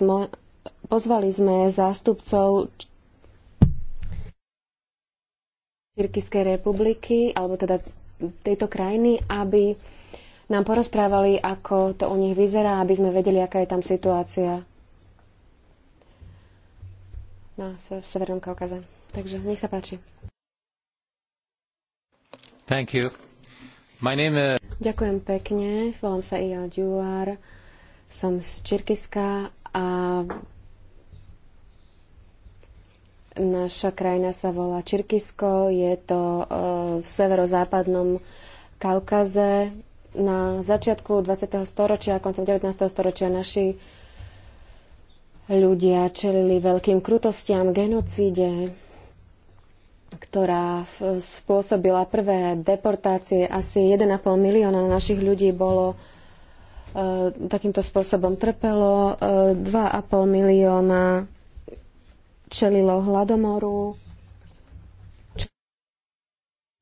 sme, pozvali sme zástupcov Čirkiskej republiky, alebo teda tejto krajiny, aby nám porozprávali, ako to u nich vyzerá, aby sme vedeli, aká je tam situácia na, Severnom Kaukaze. Takže nech sa páči. Thank you. My name, is... Uh, Ďakujem pekne. Volám sa Ia Duar. Som z Čirkiska a naša krajina sa volá Čirkisko, je to e, v severozápadnom Kaukaze. Na začiatku 20. storočia, koncom 19. storočia naši ľudia čelili veľkým krutostiam, genocíde, ktorá spôsobila prvé deportácie. Asi 1,5 milióna našich ľudí bolo E, takýmto spôsobom trpelo. 2,5 e, milióna čelilo hladomoru.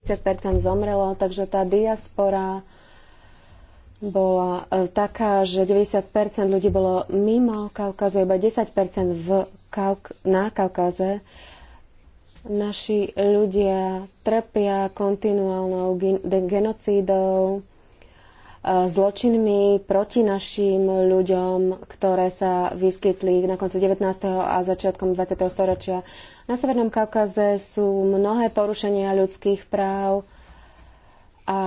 50% zomrelo, takže tá diaspora bola e, taká, že 90% ľudí bolo mimo Kaukazu, iba 10% v Kauk- na Kaukaze. Naši ľudia trpia kontinuálnou gen- genocídou, E, zločinmi proti našim ľuďom, ktoré sa vyskytli na konci 19. a začiatkom 20. storočia. Na Severnom Kaukaze sú mnohé porušenia ľudských práv a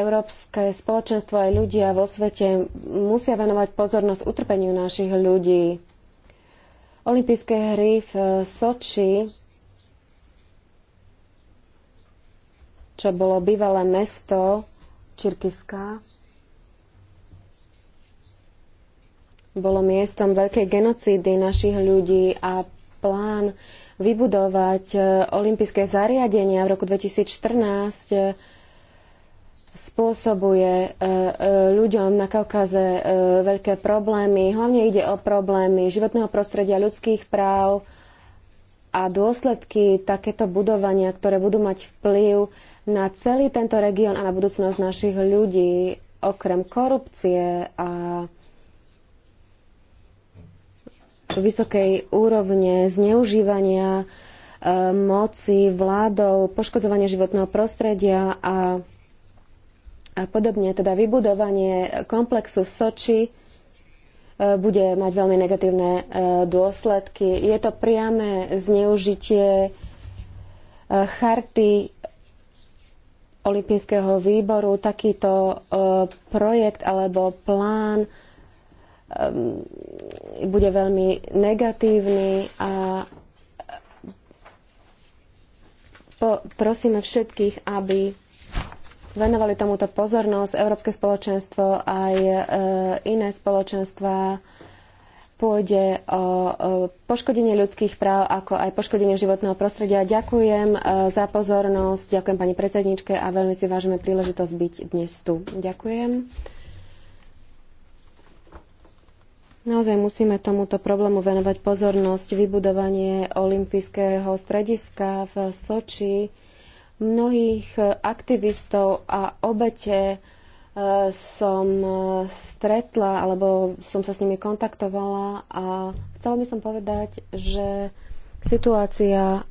európske spoločenstvo aj ľudia vo svete musia venovať pozornosť utrpeniu našich ľudí. Olympijské hry v Soči čo bolo bývalé mesto Čirkiská bolo miestom veľkej genocídy našich ľudí a plán vybudovať e, olympijské zariadenia v roku 2014 e, spôsobuje e, ľuďom na Kaukaze veľké problémy. Hlavne ide o problémy životného prostredia, ľudských práv a dôsledky takéto budovania, ktoré budú mať vplyv na celý tento región a na budúcnosť našich ľudí, okrem korupcie a vysokej úrovne zneužívania e, moci vládou, poškodzovanie životného prostredia a, a podobne. Teda vybudovanie komplexu v Soči e, bude mať veľmi negatívne e, dôsledky. Je to priame zneužitie e, charty olympijského výboru takýto e, projekt alebo plán e, bude veľmi negatívny a e, prosíme všetkých, aby venovali tomuto pozornosť, Európske spoločenstvo aj iné spoločenstva pôjde o poškodenie ľudských práv, ako aj poškodenie životného prostredia. Ďakujem e, za pozornosť, ďakujem pani predsedničke a veľmi si vážime príležitosť byť dnes tu. Ďakujem. Naozaj musíme tomuto problému venovať pozornosť. Vybudovanie olympijského strediska v Soči mnohých aktivistov a obete som eh, stretla alebo som sa s nimi kontaktovala a chcela by som povedať, že situácia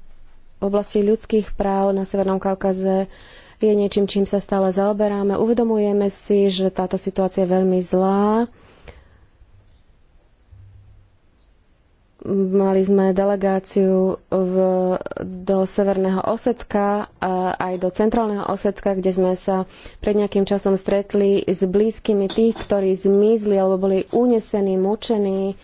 v oblasti ľudských práv na Severnom Kaukaze je niečím, čím sa stále zaoberáme. Uvedomujeme si, že táto situácia je veľmi zlá Mali sme delegáciu v, do Severného Osecka a aj do Centrálneho Osecka, kde sme sa pred nejakým časom stretli s blízkymi tých, ktorí zmizli alebo boli unesení, mučení.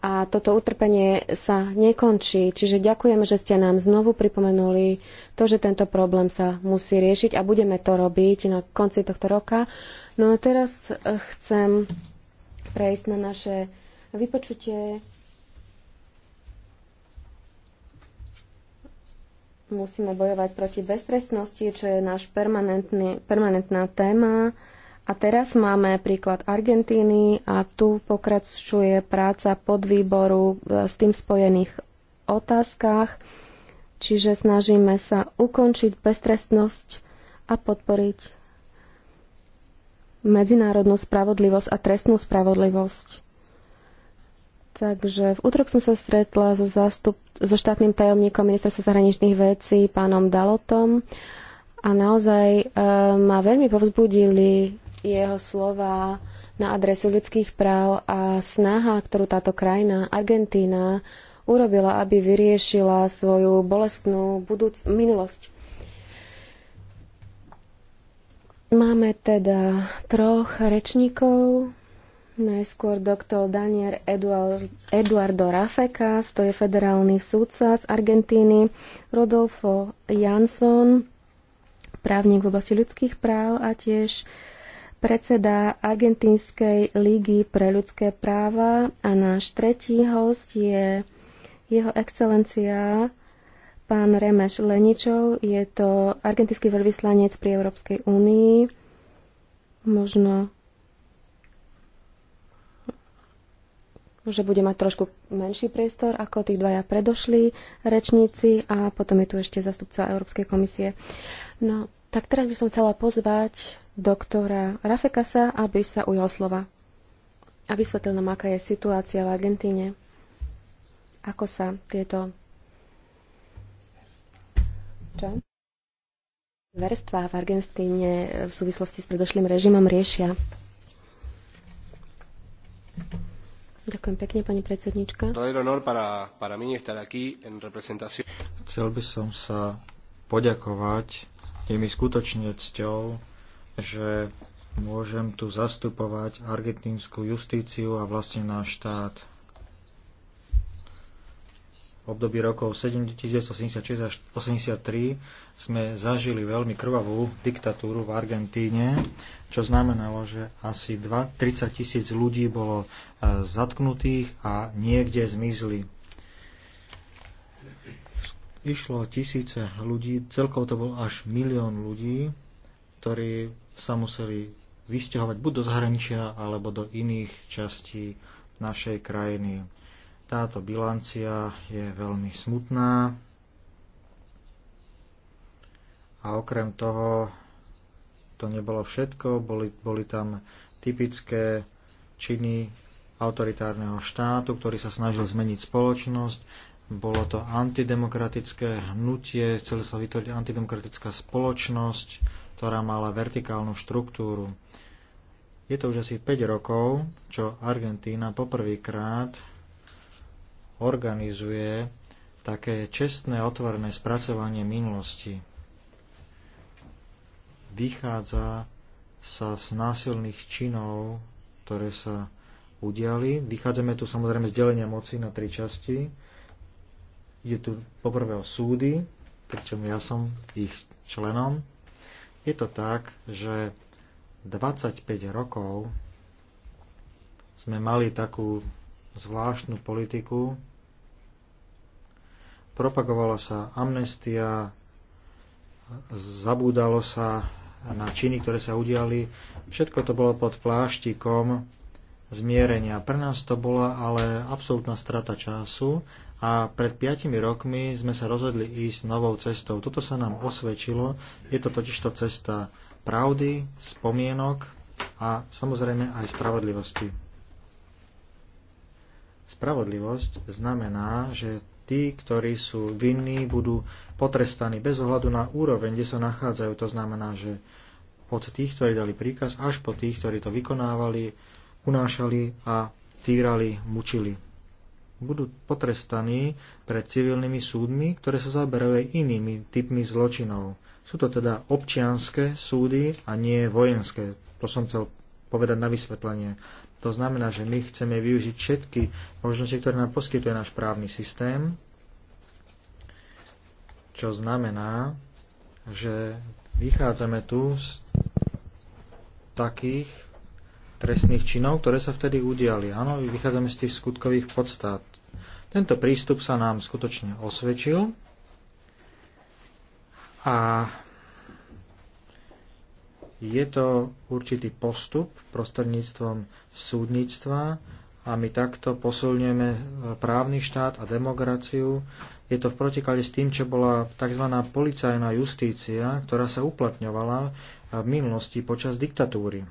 A toto utrpenie sa nekončí. Čiže ďakujeme, že ste nám znovu pripomenuli to, že tento problém sa musí riešiť a budeme to robiť na konci tohto roka. No a teraz chcem prejsť na naše vypočutie Musíme bojovať proti beztrestnosti, čo je náš permanentná téma. A teraz máme príklad Argentíny a tu pokračuje práca podvýboru e, s tým spojených otázkach, čiže snažíme sa ukončiť beztrestnosť a podporiť medzinárodnú spravodlivosť a trestnú spravodlivosť. Takže v útorok som sa stretla so, zástup, so štátnym tajomníkom ministerstva zahraničných vecí, pánom Dalotom. A naozaj e, ma veľmi povzbudili jeho slova na adresu ľudských práv a snaha, ktorú táto krajina, Argentína, urobila, aby vyriešila svoju bolestnú budúc- minulosť. Máme teda troch rečníkov. Najskôr doktor Daniel Eduardo Rafekas, to je federálny súdca z Argentíny, Rodolfo Jansson, právnik v oblasti ľudských práv a tiež predseda Argentínskej ligy pre ľudské práva a náš tretí host je jeho excelencia pán Remeš Leničov, je to argentínsky veľvyslanec pri Európskej únii. Možno že bude mať trošku menší priestor ako tých dvaja predošli rečníci a potom je tu ešte zastupca Európskej komisie. No, tak teraz by som chcela pozvať doktora Rafekasa, aby sa ujal slova a vysvetlil nám, aká je situácia v Argentíne. Ako sa tieto čo? verstva v Argentíne v súvislosti s predošlým režimom riešia. Ďakujem pekne, pani predsednička. Chcel by som sa poďakovať. Je mi skutočne cťou, že môžem tu zastupovať argentínsku justíciu a vlastne náš štát období rokov 1976 až 1983 sme zažili veľmi krvavú diktatúru v Argentíne, čo znamenalo, že asi 2, 30 tisíc ľudí bolo e, zatknutých a niekde zmizli. Išlo tisíce ľudí, celkovo to bol až milión ľudí, ktorí sa museli vysťahovať buď do zahraničia alebo do iných častí našej krajiny táto bilancia je veľmi smutná a okrem toho to nebolo všetko, boli, boli tam typické činy autoritárneho štátu, ktorý sa snažil zmeniť spoločnosť. Bolo to antidemokratické hnutie, chceli sa vytvoriť antidemokratická spoločnosť, ktorá mala vertikálnu štruktúru. Je to už asi 5 rokov, čo Argentína poprvýkrát organizuje také čestné otvorené spracovanie minulosti. Vychádza sa z násilných činov, ktoré sa udiali. Vychádzame tu samozrejme z delenia moci na tri časti. Je tu poprvé o súdy, pričom ja som ich členom. Je to tak, že 25 rokov sme mali takú zvláštnu politiku, propagovala sa amnestia, zabúdalo sa na činy, ktoré sa udiali. Všetko to bolo pod pláštikom zmierenia. Pre nás to bola ale absolútna strata času a pred 5 rokmi sme sa rozhodli ísť novou cestou. Toto sa nám osvedčilo. Je to totižto cesta pravdy, spomienok a samozrejme aj spravodlivosti. Spravodlivosť znamená, že tí, ktorí sú vinní, budú potrestaní bez ohľadu na úroveň, kde sa nachádzajú. To znamená, že od tých, ktorí dali príkaz, až po tých, ktorí to vykonávali, unášali a týrali, mučili. Budú potrestaní pred civilnými súdmi, ktoré sa zaberajú aj inými typmi zločinov. Sú to teda občianské súdy a nie vojenské. To som chcel povedať na vysvetlenie. To znamená, že my chceme využiť všetky možnosti, ktoré nám poskytuje náš právny systém, čo znamená, že vychádzame tu z takých trestných činov, ktoré sa vtedy udiali. Áno, vychádzame z tých skutkových podstát. Tento prístup sa nám skutočne osvedčil a je to určitý postup prostredníctvom súdnictva a my takto posilňujeme právny štát a demokraciu. Je to v protikali s tým, čo bola tzv. policajná justícia, ktorá sa uplatňovala v minulosti počas diktatúry.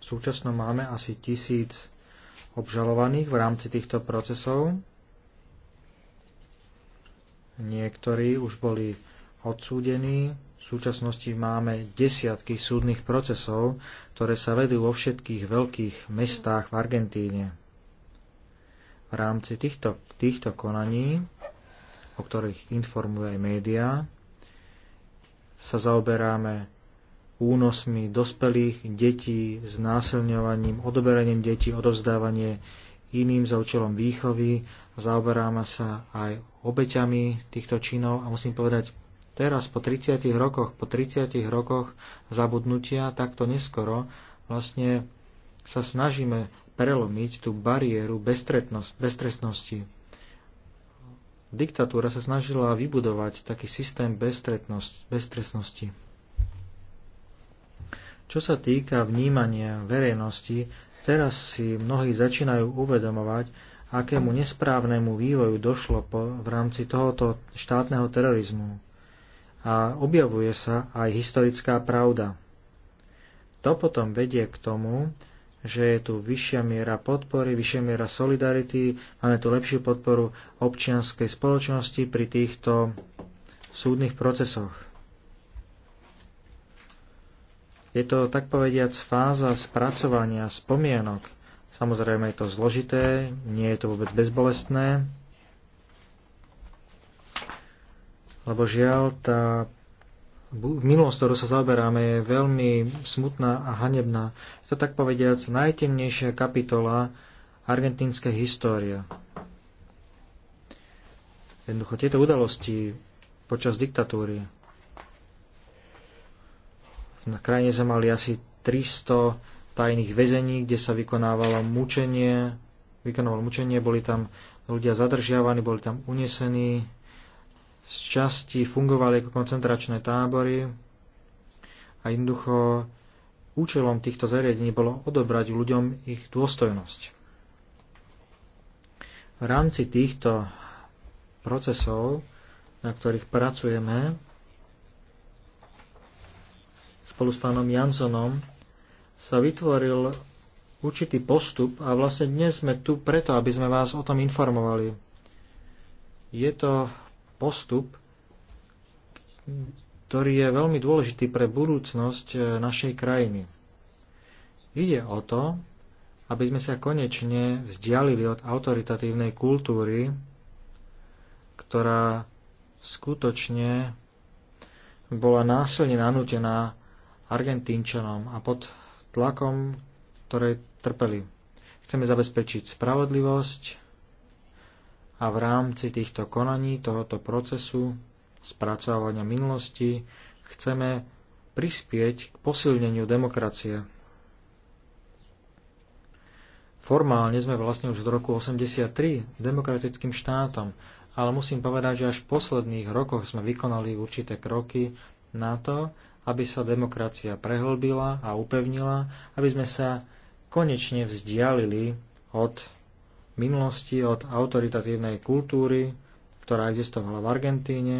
Súčasno máme asi tisíc obžalovaných v rámci týchto procesov. Niektorí už boli odsúdení. V súčasnosti máme desiatky súdnych procesov, ktoré sa vedú vo všetkých veľkých mestách v Argentíne. V rámci týchto, týchto konaní, o ktorých informujú aj médiá, sa zaoberáme únosmi dospelých, detí, znásilňovaním, odoberaním detí, odovzdávanie iným za účelom výchovy zaoberáme sa aj obeťami týchto činov a musím povedať, teraz po 30 rokoch, po 30 rokoch zabudnutia takto neskoro vlastne sa snažíme prelomiť tú bariéru beztrestnosti. Diktatúra sa snažila vybudovať taký systém beztrestnosti. Čo sa týka vnímania verejnosti, teraz si mnohí začínajú uvedomovať, akému nesprávnemu vývoju došlo po, v rámci tohoto štátneho terorizmu. A objavuje sa aj historická pravda. To potom vedie k tomu, že je tu vyššia miera podpory, vyššia miera solidarity, máme tu lepšiu podporu občianskej spoločnosti pri týchto súdnych procesoch. Je to tak povediac fáza spracovania spomienok, Samozrejme je to zložité, nie je to vôbec bezbolestné, lebo žiaľ tá minulosť, ktorú sa zaoberáme, je veľmi smutná a hanebná. Je to tak povediac najtemnejšia kapitola argentínskej histórie. Jednoducho tieto udalosti počas diktatúry. Na krajine sme mali asi 300 tajných väzení, kde sa vykonávalo mučenie, vykonávalo mučenie, boli tam ľudia zadržiavaní, boli tam unesení, z časti fungovali ako koncentračné tábory a jednoducho účelom týchto zariadení bolo odobrať ľuďom ich dôstojnosť. V rámci týchto procesov, na ktorých pracujeme, spolu s pánom Jansonom sa vytvoril určitý postup a vlastne dnes sme tu preto, aby sme vás o tom informovali. Je to postup, ktorý je veľmi dôležitý pre budúcnosť e, našej krajiny. Ide o to, aby sme sa konečne vzdialili od autoritatívnej kultúry, ktorá skutočne bola násilne nanútená Argentínčanom a pod tlakom, ktoré trpeli. Chceme zabezpečiť spravodlivosť a v rámci týchto konaní, tohoto procesu spracovania minulosti, chceme prispieť k posilneniu demokracie. Formálne sme vlastne už od roku 83 demokratickým štátom, ale musím povedať, že až v posledných rokoch sme vykonali určité kroky na to, aby sa demokracia prehlbila a upevnila, aby sme sa konečne vzdialili od minulosti, od autoritatívnej kultúry, ktorá existovala v Argentíne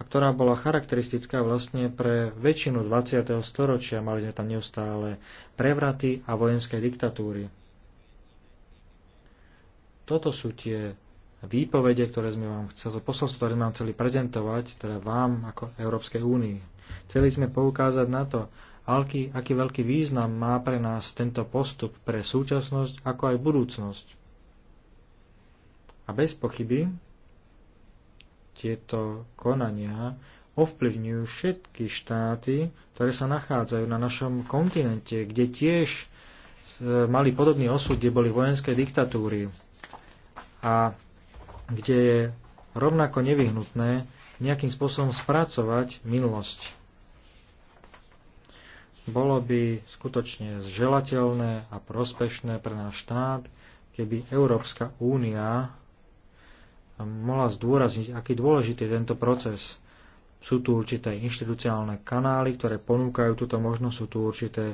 a ktorá bola charakteristická vlastne pre väčšinu 20. storočia. Mali sme tam neustále prevraty a vojenské diktatúry. Toto sú tie výpovede, ktoré sme vám chceli, posolstvo, ktoré sme vám chceli prezentovať, teda vám ako Európskej únii. Chceli sme poukázať na to, aký, aký veľký význam má pre nás tento postup pre súčasnosť ako aj budúcnosť. A bez pochyby tieto konania ovplyvňujú všetky štáty, ktoré sa nachádzajú na našom kontinente, kde tiež e, mali podobný osud, kde boli vojenské diktatúry. A kde je rovnako nevyhnutné nejakým spôsobom spracovať minulosť. Bolo by skutočne želateľné a prospešné pre náš štát, keby Európska únia mohla zdôrazniť, aký dôležitý je tento proces. Sú tu určité inštitucionálne kanály, ktoré ponúkajú túto možnosť, sú tu určité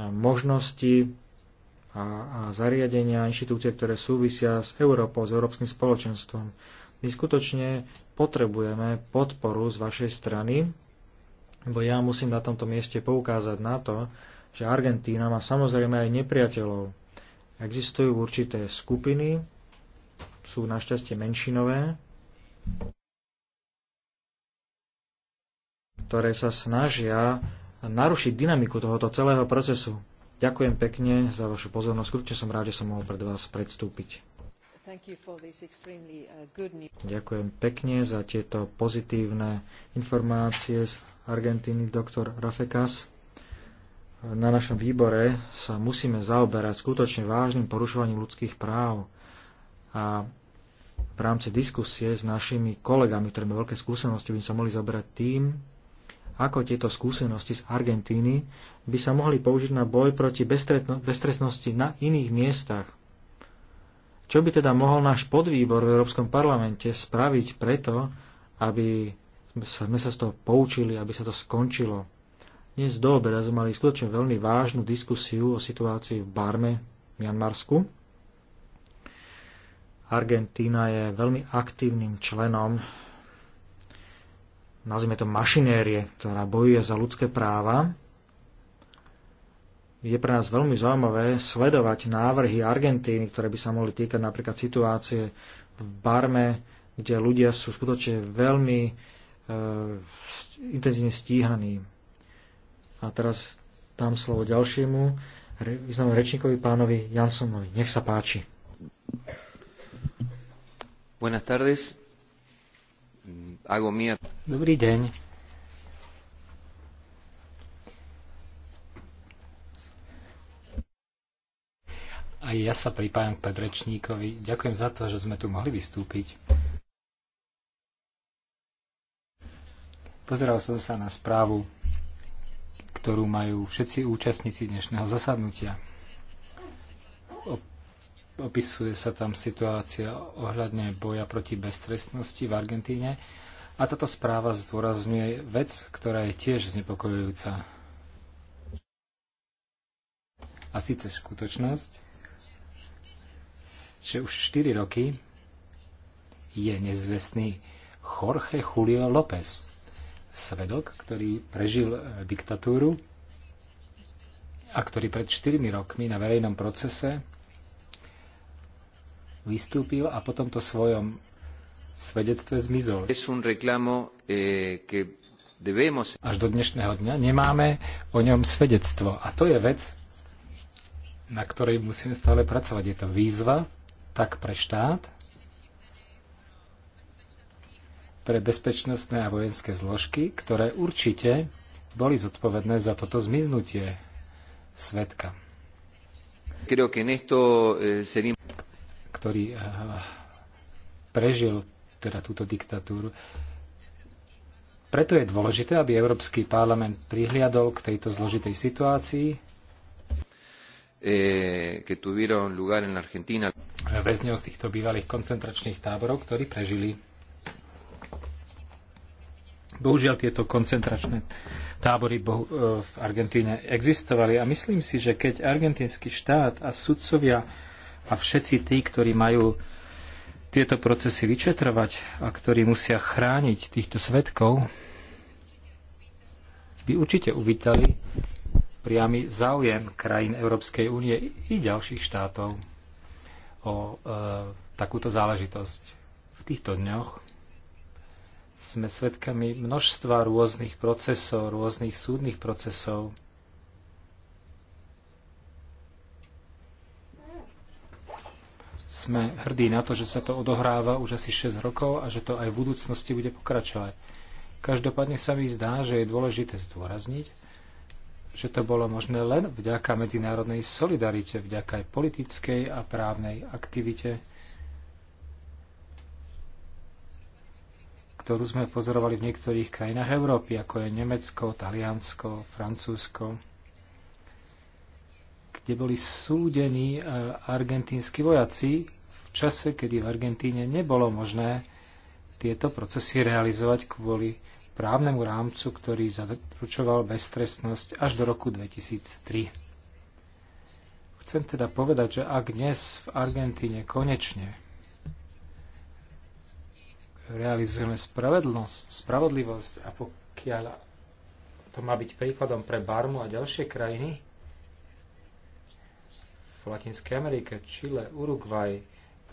možnosti a, a zariadenia, inštitúcie, ktoré súvisia s Európou, s Európskym spoločenstvom. My skutočne potrebujeme podporu z vašej strany, lebo ja musím na tomto mieste poukázať na to, že Argentína má samozrejme aj nepriateľov. Existujú určité skupiny, sú našťastie menšinové, ktoré sa snažia narušiť dynamiku tohoto celého procesu. Ďakujem pekne za vašu pozornosť. Skutočne som rád, že som mohol pred vás predstúpiť. Uh, Ďakujem pekne za tieto pozitívne informácie z Argentíny, doktor Rafekas. Na našom výbore sa musíme zaoberať skutočne vážnym porušovaním ľudských práv a v rámci diskusie s našimi kolegami, ktoré majú veľké skúsenosti, by sa mohli zaoberať tým, ako tieto skúsenosti z Argentíny by sa mohli použiť na boj proti beztrestnosti na iných miestach. Čo by teda mohol náš podvýbor v Európskom parlamente spraviť preto, aby sme sa z toho poučili, aby sa to skončilo? Dnes do obeda sme mali skutočne veľmi vážnu diskusiu o situácii v Barme, v Mianmarsku. Argentína je veľmi aktívnym členom nazvime to mašinérie, ktorá bojuje za ľudské práva, je pre nás veľmi zaujímavé sledovať návrhy Argentíny, ktoré by sa mohli týkať napríklad situácie v Barme, kde ľudia sú skutočne veľmi e, intenzívne stíhaní. A teraz dám slovo ďalšiemu významnému rečníkovi, pánovi Jansonovi. Nech sa páči. Buenas tardes. Dobrý deň. Aj ja sa pripájam k predrečníkovi. Ďakujem za to, že sme tu mohli vystúpiť. Pozeral som sa na správu, ktorú majú všetci účastníci dnešného zasadnutia. Opisuje sa tam situácia ohľadne boja proti beztrestnosti v Argentíne a táto správa zdôrazňuje vec, ktorá je tiež znepokojujúca. A síce skutočnosť, že už 4 roky je nezvestný Jorge Julio López, svedok, ktorý prežil e, diktatúru a ktorý pred 4 rokmi na verejnom procese vystúpil a po tomto svojom svedectve zmizol. Eh, Až do dnešného dňa nemáme o ňom svedectvo. A to je vec, na ktorej musíme stále pracovať. Je to výzva tak pre štát, pre bezpečnostné a vojenské zložky, ktoré určite boli zodpovedné za toto zmiznutie svetka. Eh, Ktorý eh, prežil teda túto diktatúru. Preto je dôležité, aby Európsky parlament prihliadol k tejto zložitej situácii. Eh, Väzňov z týchto bývalých koncentračných táborov, ktorí prežili. Bohužiaľ tieto koncentračné tábory eh, v Argentíne existovali a myslím si, že keď argentínsky štát a sudcovia a všetci tí, ktorí majú tieto procesy vyčetrovať a ktorí musia chrániť týchto svetkov, by určite uvítali priamy záujem krajín Európskej únie i ďalších štátov o e, takúto záležitosť. V týchto dňoch sme svedkami množstva rôznych procesov, rôznych súdnych procesov, Sme hrdí na to, že sa to odohráva už asi 6 rokov a že to aj v budúcnosti bude pokračovať. Každopádne sa mi zdá, že je dôležité zdôrazniť, že to bolo možné len vďaka medzinárodnej solidarite, vďaka aj politickej a právnej aktivite, ktorú sme pozorovali v niektorých krajinách Európy, ako je Nemecko, Taliansko, Francúzsko kde boli súdení e, argentínsky vojaci v čase, kedy v Argentíne nebolo možné tieto procesy realizovať kvôli právnemu rámcu, ktorý zaručoval beztrestnosť až do roku 2003. Chcem teda povedať, že ak dnes v Argentíne konečne realizujeme spravedlnosť, spravodlivosť a pokiaľ to má byť príkladom pre Barmu a ďalšie krajiny, v Latinskej Amerike, Chile, Uruguay,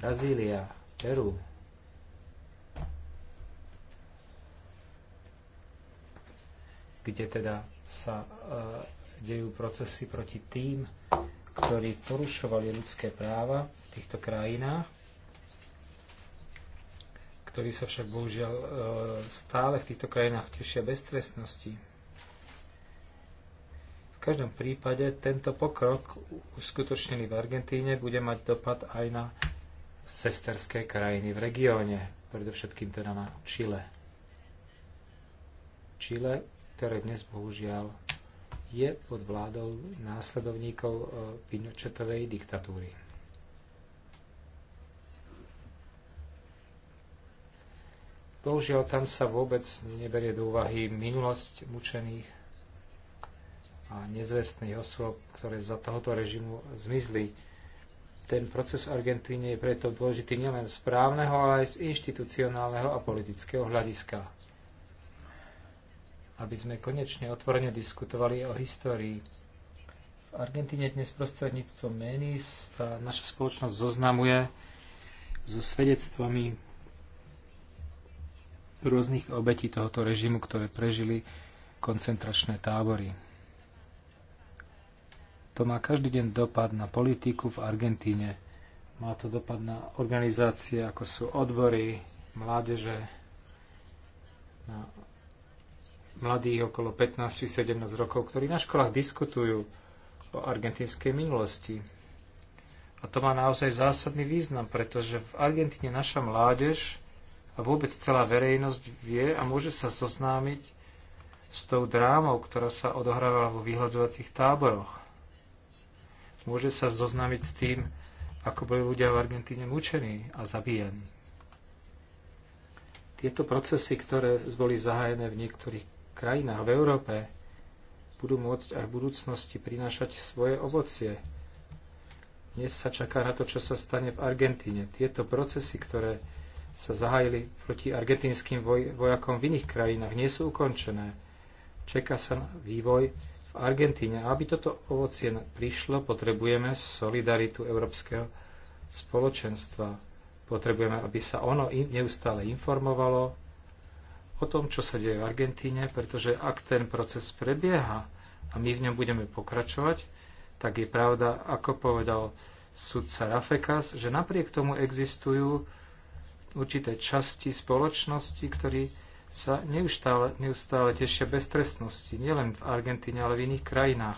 Brazília, Peru. kde teda sa eh, dejú procesy proti tým, ktorí porušovali ľudské práva v týchto krajinách, ktorí sa však bohužiaľ eh, stále v týchto krajinách tešia beztrestnosti. V každom prípade tento pokrok uskutočnený v Argentíne bude mať dopad aj na sesterské krajiny v regióne, predovšetkým teda na Chile. Chile, ktoré dnes bohužiaľ je pod vládou následovníkov eh, Pinochetovej diktatúry. Bohužiaľ tam sa vôbec neberie do úvahy minulosť mučených, a nezvestných osôb, ktoré za tohoto režimu zmizli. Ten proces v Argentíne je preto dôležitý nielen z právneho, ale aj z inštitucionálneho a politického hľadiska. Aby sme konečne otvorene diskutovali o histórii. V Argentíne dnes prostredníctvom mení sa naša spoločnosť zoznamuje so svedectvami rôznych obetí tohoto režimu, ktoré prežili koncentračné tábory. To má každý deň dopad na politiku v Argentíne. Má to dopad na organizácie, ako sú odbory, mládeže, na mladých okolo 15 či 17 rokov, ktorí na školách diskutujú o argentínskej minulosti. A to má naozaj zásadný význam, pretože v Argentíne naša mládež a vôbec celá verejnosť vie a môže sa zoznámiť s tou drámou, ktorá sa odohrávala vo vyhľadzovacích táboroch môže sa zoznámiť s tým, ako boli ľudia v Argentíne mučení a zabíjani. Tieto procesy, ktoré boli zahájené v niektorých krajinách v Európe, budú môcť aj v budúcnosti prinášať svoje ovocie. Dnes sa čaká na to, čo sa stane v Argentíne. Tieto procesy, ktoré sa zahájili proti argentínskym voj- vojakom v iných krajinách, nie sú ukončené. Čeká sa na vývoj v Argentíne. Aby toto ovocie prišlo, potrebujeme solidaritu Európskeho spoločenstva. Potrebujeme, aby sa ono neustále informovalo o tom, čo sa deje v Argentíne, pretože ak ten proces prebieha a my v ňom budeme pokračovať, tak je pravda, ako povedal sudca Rafekas, že napriek tomu existujú určité časti spoločnosti, ktorí sa neustále, neustále tešia beztrestnosti, nielen v Argentíne, ale v iných krajinách.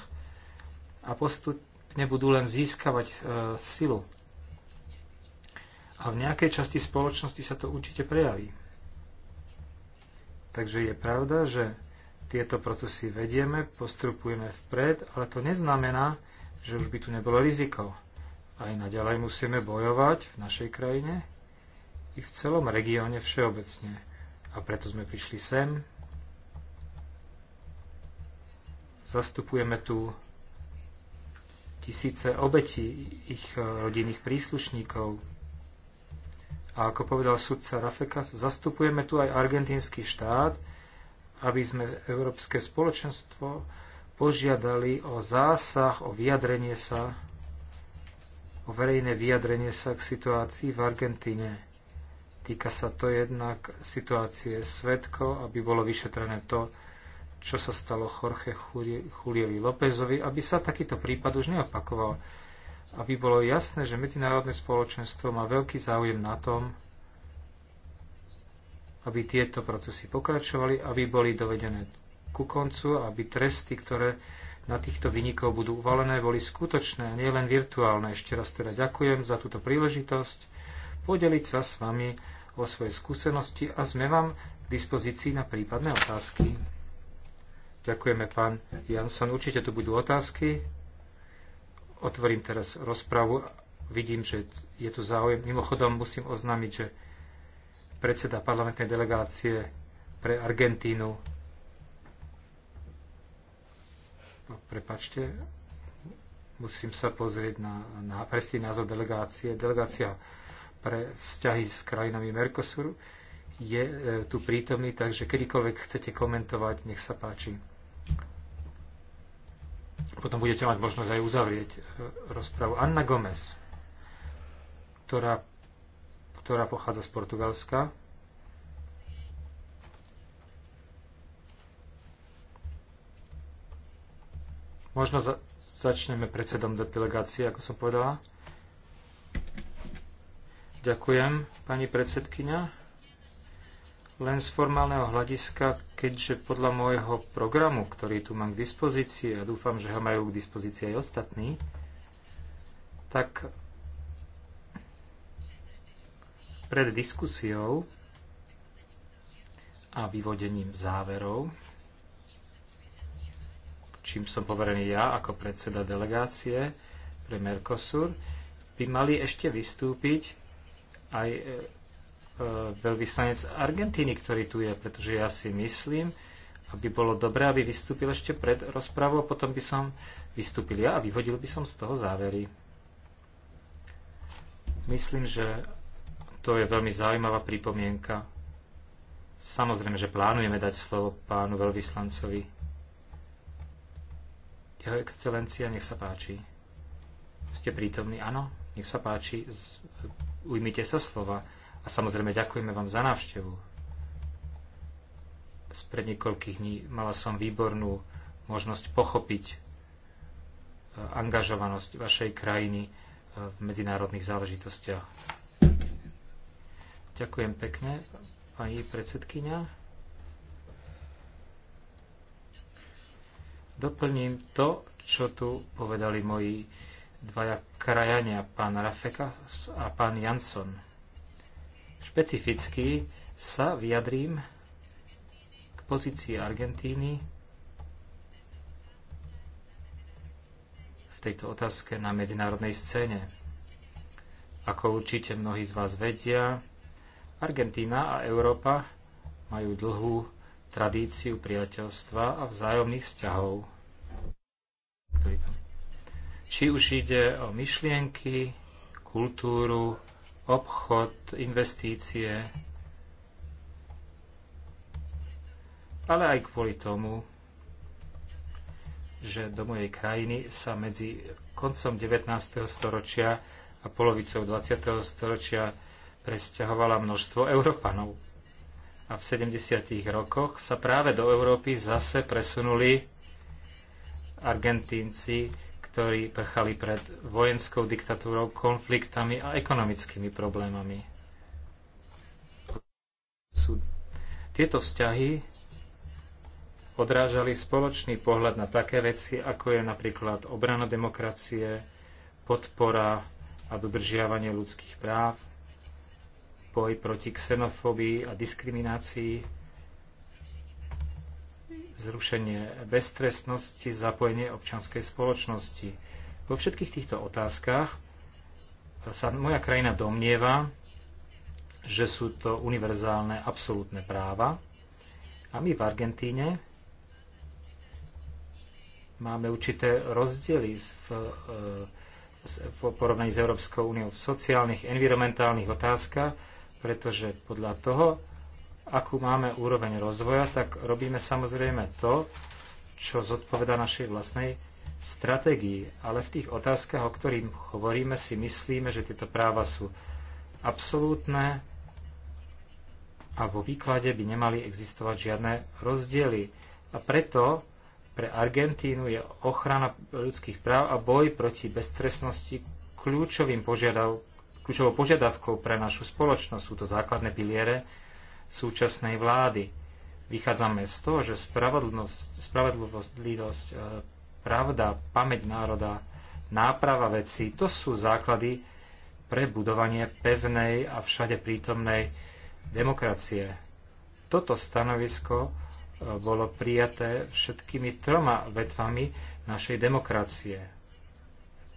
A postupne budú len získavať e, silu. A v nejakej časti spoločnosti sa to určite prejaví. Takže je pravda, že tieto procesy vedieme, postupujeme vpred, ale to neznamená, že už by tu nebolo riziko. Aj naďalej musíme bojovať v našej krajine i v celom regióne všeobecne a preto sme prišli sem. Zastupujeme tu tisíce obetí ich e, rodinných príslušníkov. A ako povedal sudca Rafekas, zastupujeme tu aj argentínsky štát, aby sme Európske spoločenstvo požiadali o zásah, o vyjadrenie sa, o verejné vyjadrenie sa k situácii v Argentíne. Týka sa to jednak situácie svedkov, aby bolo vyšetrené to, čo sa stalo Jorge Juliovi Lópezovi, aby sa takýto prípad už neopakoval. Aby bolo jasné, že medzinárodné spoločenstvo má veľký záujem na tom, aby tieto procesy pokračovali, aby boli dovedené ku koncu, aby tresty, ktoré na týchto vynikov budú uvalené, boli skutočné a nielen virtuálne. Ešte raz teda ďakujem za túto príležitosť podeliť sa s vami o svoje skúsenosti a sme vám k dispozícii na prípadné otázky. Ďakujeme, pán Jansson. Určite tu budú otázky. Otvorím teraz rozpravu. Vidím, že je tu záujem. Mimochodom musím oznámiť, že predseda parlamentnej delegácie pre Argentínu no, prepačte, musím sa pozrieť na, na presný názov delegácie. Delegácia pre vzťahy s krajinami Mercosuru je e, tu prítomný, takže kedykoľvek chcete komentovať, nech sa páči. Potom budete mať možnosť aj uzavrieť e, rozpravu. Anna Gomez, ktorá, ktorá pochádza z Portugalska. Možno za, začneme predsedom delegácie, ako som povedala. Ďakujem, pani predsedkynia. Len z formálneho hľadiska, keďže podľa môjho programu, ktorý tu mám k dispozícii a dúfam, že ho majú k dispozícii aj ostatní, tak pred diskusiou a vyvodením záverov, čím som poverený ja ako predseda delegácie pre Mercosur, by mali ešte vystúpiť aj e, e, veľvyslanec Argentíny, ktorý tu je, pretože ja si myslím, aby bolo dobré, aby vystúpil ešte pred rozprávou, potom by som vystúpil ja a vyhodil by som z toho závery. Myslím, že to je veľmi zaujímavá pripomienka. Samozrejme, že plánujeme dať slovo pánu veľvyslancovi. Jeho excelencia, nech sa páči. Ste prítomní? Áno, nech sa páči ujmite sa slova. A samozrejme ďakujeme vám za návštevu. Spred niekoľkých dní mala som výbornú možnosť pochopiť e, angažovanosť vašej krajiny e, v medzinárodných záležitostiach. Ďakujem pekne, pani predsedkynia. Doplním to, čo tu povedali moji dvaja krajania, pán Rafeka a pán Jansson. Špecificky sa vyjadrím k pozícii Argentíny v tejto otázke na medzinárodnej scéne. Ako určite mnohí z vás vedia, Argentína a Európa majú dlhú tradíciu priateľstva a vzájomných vzťahov, ktorý tam či už ide o myšlienky, kultúru, obchod, investície, ale aj kvôli tomu, že do mojej krajiny sa medzi koncom 19. storočia a polovicou 20. storočia presťahovala množstvo Európanov. A v 70. rokoch sa práve do Európy zase presunuli Argentínci, ktorí prchali pred vojenskou diktatúrou, konfliktami a ekonomickými problémami. tieto vzťahy odrážali spoločný pohľad na také veci, ako je napríklad obrana demokracie, podpora a dodržiavanie ľudských práv, boj proti xenofóbii a diskriminácii, zrušenie beztrestnosti, zapojenie občanskej spoločnosti. Vo všetkých týchto otázkach sa moja krajina domnieva, že sú to univerzálne absolútne práva a my v Argentíne máme určité rozdiely v, eh, v porovnaní s Európskou úniou v sociálnych, environmentálnych otázkach, pretože podľa toho, akú máme úroveň rozvoja, tak robíme samozrejme to, čo zodpoveda našej vlastnej stratégii. Ale v tých otázkach, o ktorým hovoríme, si myslíme, že tieto práva sú absolútne a vo výklade by nemali existovať žiadne rozdiely. A preto pre Argentínu je ochrana ľudských práv a boj proti beztresnosti kľúčovým požiadav, kľúčovou požiadavkou pre našu spoločnosť. Sú to základné piliere súčasnej vlády. Vychádzame z toho, že spravodlivosť, e, pravda, pamäť národa, náprava vecí, to sú základy pre budovanie pevnej a všade prítomnej demokracie. Toto stanovisko e, bolo prijaté všetkými troma vetvami našej demokracie.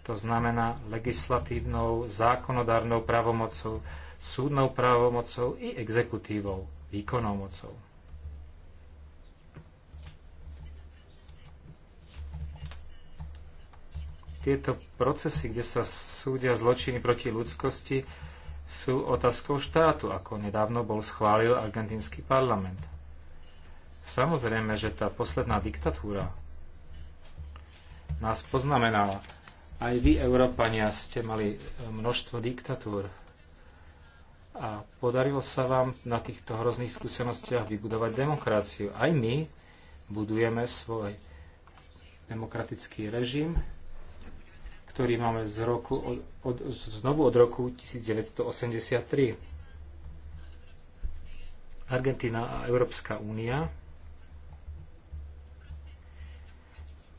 To znamená legislatívnou, zákonodárnou pravomocou, súdnou právomocou i exekutívou, výkonnou mocou. Tieto procesy, kde sa súdia zločiny proti ľudskosti, sú otázkou štátu, ako nedávno bol schválil argentínsky parlament. Samozrejme, že tá posledná diktatúra nás poznamenala. Aj vy, Európania, ste mali množstvo diktatúr a podarilo sa vám na týchto hrozných skúsenostiach vybudovať demokraciu. Aj my budujeme svoj demokratický režim, ktorý máme z roku, od, od, znovu od roku 1983. Argentina a Európska únia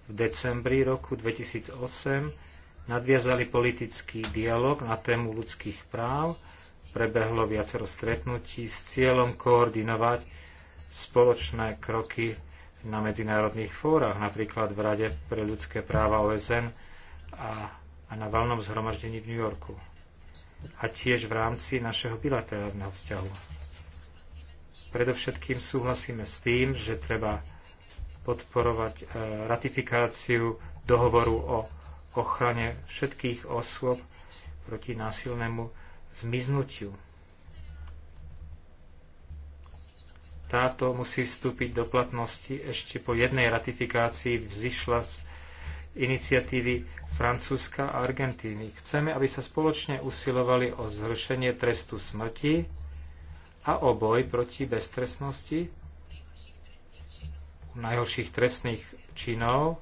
v decembri roku 2008 nadviazali politický dialog na tému ľudských práv prebehlo viacero stretnutí s cieľom koordinovať spoločné kroky na medzinárodných fórach, napríklad v Rade pre ľudské práva OSN a, a na valnom zhromaždení v New Yorku. A tiež v rámci našeho bilaterálneho vzťahu. Predovšetkým súhlasíme s tým, že treba podporovať e, ratifikáciu dohovoru o ochrane všetkých osôb proti násilnému zmiznutiu. Táto musí vstúpiť do platnosti ešte po jednej ratifikácii vzýšla z iniciatívy Francúzska a Argentíny. Chceme, aby sa spoločne usilovali o zrušenie trestu smrti a o boj proti beztrestnosti najhorších trestných činov.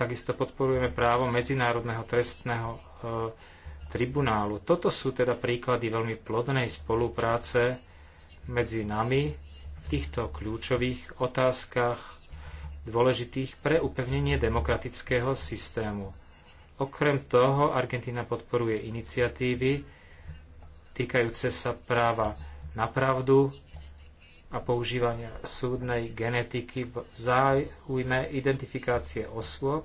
Takisto podporujeme právo Medzinárodného trestného E, tribunálu. Toto sú teda príklady veľmi plodnej spolupráce medzi nami v týchto kľúčových otázkach dôležitých pre upevnenie demokratického systému. Okrem toho Argentína podporuje iniciatívy týkajúce sa práva na pravdu a používania súdnej genetiky v záujme identifikácie osôb,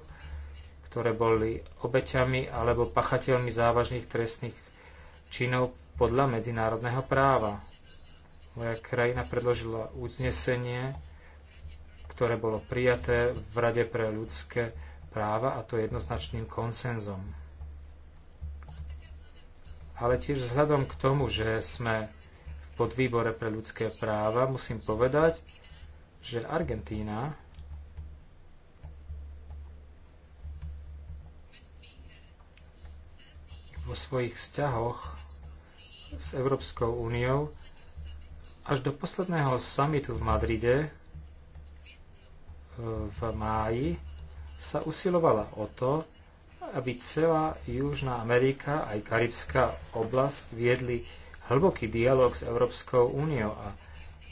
ktoré boli obeťami alebo pachateľmi závažných trestných činov podľa medzinárodného práva. Moja krajina predložila uznesenie, ktoré bolo prijaté v Rade pre ľudské práva a to jednoznačným konsenzom. Ale tiež vzhľadom k tomu, že sme v podvýbore pre ľudské práva, musím povedať, že Argentína vo svojich vzťahoch s Európskou úniou až do posledného samitu v Madride e, v máji sa usilovala o to, aby celá Južná Amerika aj Karibská oblasť viedli hlboký dialog s Európskou úniou a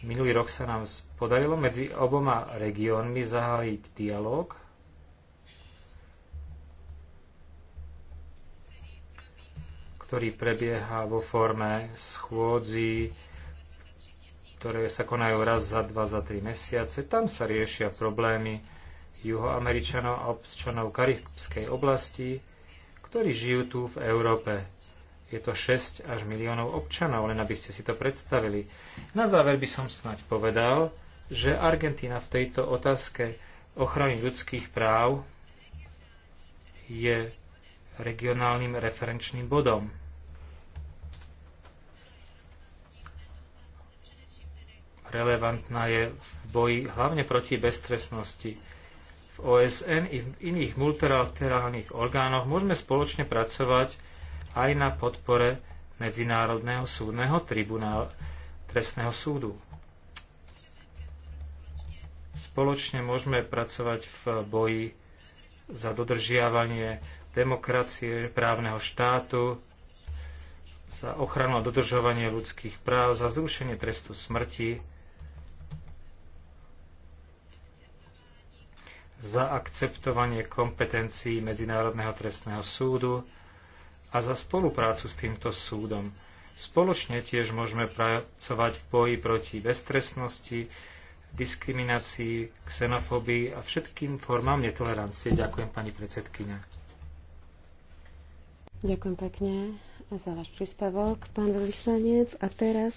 minulý rok sa nám podarilo medzi oboma regiónmi zahájiť dialog ktorý prebieha vo forme schôdzí, ktoré sa konajú raz za dva, za tri mesiace. Tam sa riešia problémy juhoameričanov a občanov karibskej oblasti, ktorí žijú tu v Európe. Je to 6 až miliónov občanov, len aby ste si to predstavili. Na záver by som snáď povedal, že Argentína v tejto otázke ochrany ľudských práv je regionálnym referenčným bodom. Relevantná je v boji hlavne proti beztresnosti. V OSN i v iných multilaterálnych orgánoch môžeme spoločne pracovať aj na podpore Medzinárodného súdneho tribunálu trestného súdu. Spoločne môžeme pracovať v boji za dodržiavanie demokracie, právneho štátu, za ochranu a dodržovanie ľudských práv, za zrušenie trestu smrti, za akceptovanie kompetencií Medzinárodného trestného súdu a za spoluprácu s týmto súdom. Spoločne tiež môžeme pracovať v boji proti beztrestnosti, diskriminácii, xenofóbii a všetkým formám netolerancie. Ďakujem, pani predsedkyňa. Ďakujem pekne za váš príspevok, pán veľvyslanec. A teraz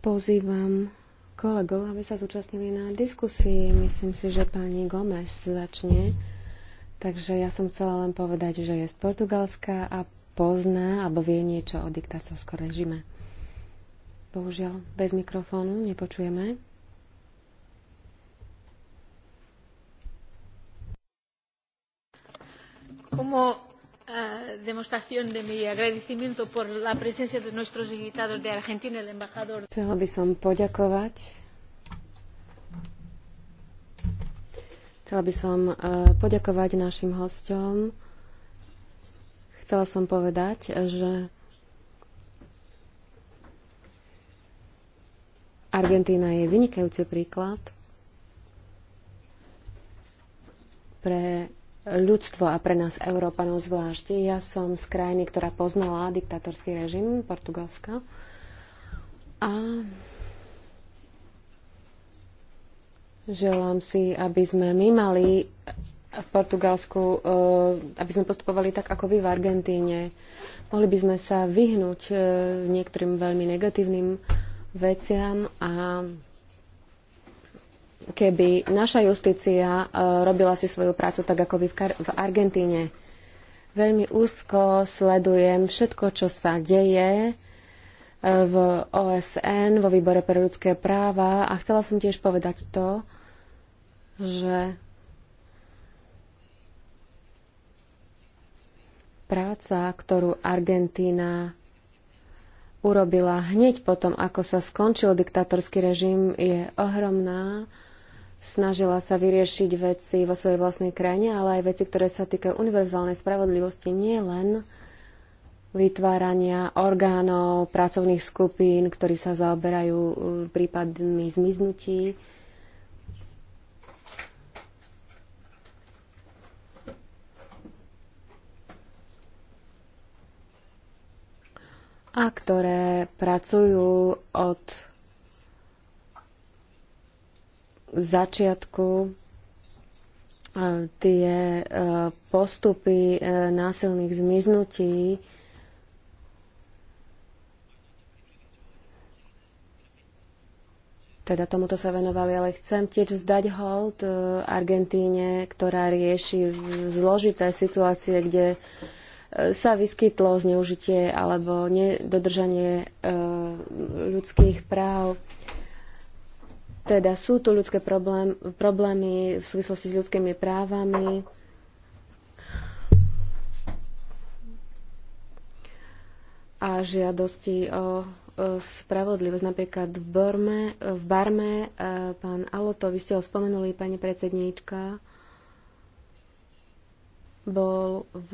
pozývam kolegov, aby sa zúčastnili na diskusii. Myslím si, že pani Gomes začne. Takže ja som chcela len povedať, že je z Portugalska a pozná alebo vie niečo o diktátorskom režime. Bohužiaľ, bez mikrofónu nepočujeme. Como Eh, demostración de mi agradecimiento por la presencia de nuestros invitados de Argentina, el embajador. Chcela by som poďakovať. Chcela by som uh, poďakovať našim hosťom. Chcela som povedať, že Argentína je vynikajúci príklad pre ľudstvo a pre nás Európanov zvlášť. Ja som z krajiny, ktorá poznala diktatorský režim Portugalska. A želám si, aby sme my mali v Portugalsku, eh, aby sme postupovali tak, ako vy v Argentíne. Mohli by sme sa vyhnúť eh, niektorým veľmi negatívnym veciam a keby naša justícia e, robila si svoju prácu tak ako vy v, Kar- v Argentíne. Veľmi úzko sledujem všetko, čo sa deje e, v OSN, vo výbore pre ľudské práva a chcela som tiež povedať to, že práca, ktorú Argentína urobila hneď potom, ako sa skončil diktatorský režim, je ohromná snažila sa vyriešiť veci vo svojej vlastnej krajine, ale aj veci, ktoré sa týkajú univerzálnej spravodlivosti, nie len vytvárania orgánov, pracovných skupín, ktorí sa zaoberajú uh, prípadmi zmiznutí. a ktoré pracujú od začiatku e, tie e, postupy e, násilných zmiznutí teda tomuto sa venovali, ale chcem tiež vzdať hold Argentíne, ktorá rieši zložité situácie, kde sa vyskytlo zneužitie alebo nedodržanie ľudských práv. Teda sú tu ľudské problém, problémy v súvislosti s ľudskými právami. a žiadosti o spravodlivosť. Napríklad v, Borme, v Barme, e, pán Aloto, vy ste ho spomenuli, pani predsedníčka, bol v,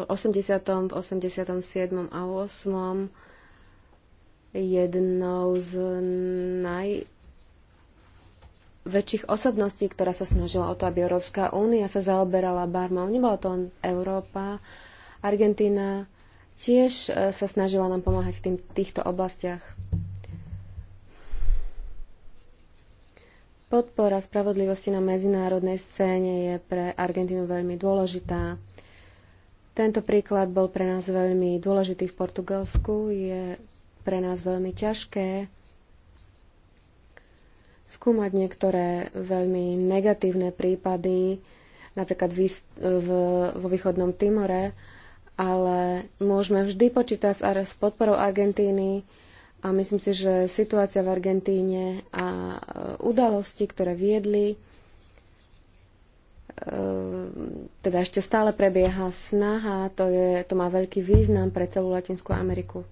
v 80., v 87. a 8 jednou z najväčších osobností, ktorá sa snažila o to, aby Európska únia sa zaoberala barmou. Nebola to len Európa, Argentína tiež e, sa snažila nám pomáhať v tým, týchto oblastiach. Podpora spravodlivosti na medzinárodnej scéne je pre Argentínu veľmi dôležitá. Tento príklad bol pre nás veľmi dôležitý v Portugalsku. Je pre nás veľmi ťažké skúmať niektoré veľmi negatívne prípady, napríklad v, v, vo východnom Timore, ale môžeme vždy počítať s podporou Argentíny a myslím si, že situácia v Argentíne a e, udalosti, ktoré viedli, e, teda ešte stále prebieha snaha, to, je, to má veľký význam pre celú Latinskú Ameriku.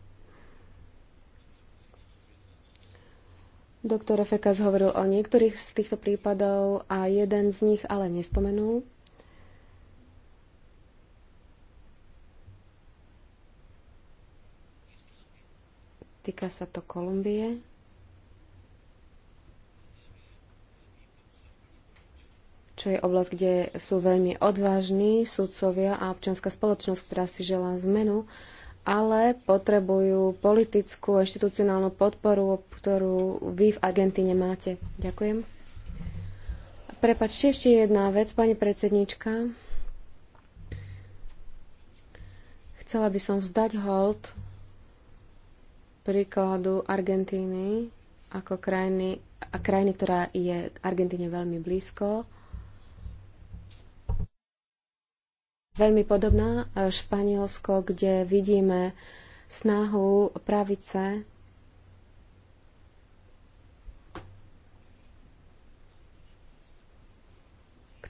Doktor Fekas hovoril o niektorých z týchto prípadov a jeden z nich ale nespomenul. Týka sa to Kolumbie. čo je oblasť, kde sú veľmi odvážni sudcovia a občianská spoločnosť, ktorá si želá zmenu. Uh, ale potrebujú politickú a inštitucionálnu podporu, ktorú vy v Argentíne máte. Ďakujem. Prepačte, ešte jedna vec, pani predsednička. Chcela by som vzdať hold príkladu Argentíny ako krajiny, a krajiny, ktorá je Argentíne veľmi blízko. veľmi podobná e, Španielsko, kde vidíme snahu pravice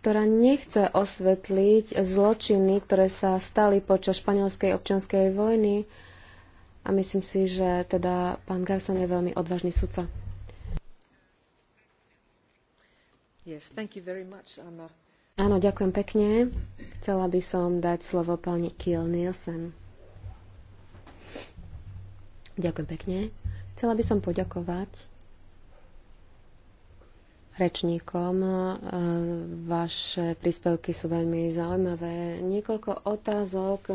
ktorá nechce osvetliť zločiny, ktoré sa stali počas španielskej občianskej vojny. A myslím si, že teda pán Garson je veľmi odvážny sudca. Yes, thank you very much, Anna. Áno, ďakujem pekne. Chcela by som dať slovo pani Kiel Nielsen. Ďakujem pekne. Chcela by som poďakovať rečníkom. E, vaše príspevky sú veľmi zaujímavé. Niekoľko otázok e,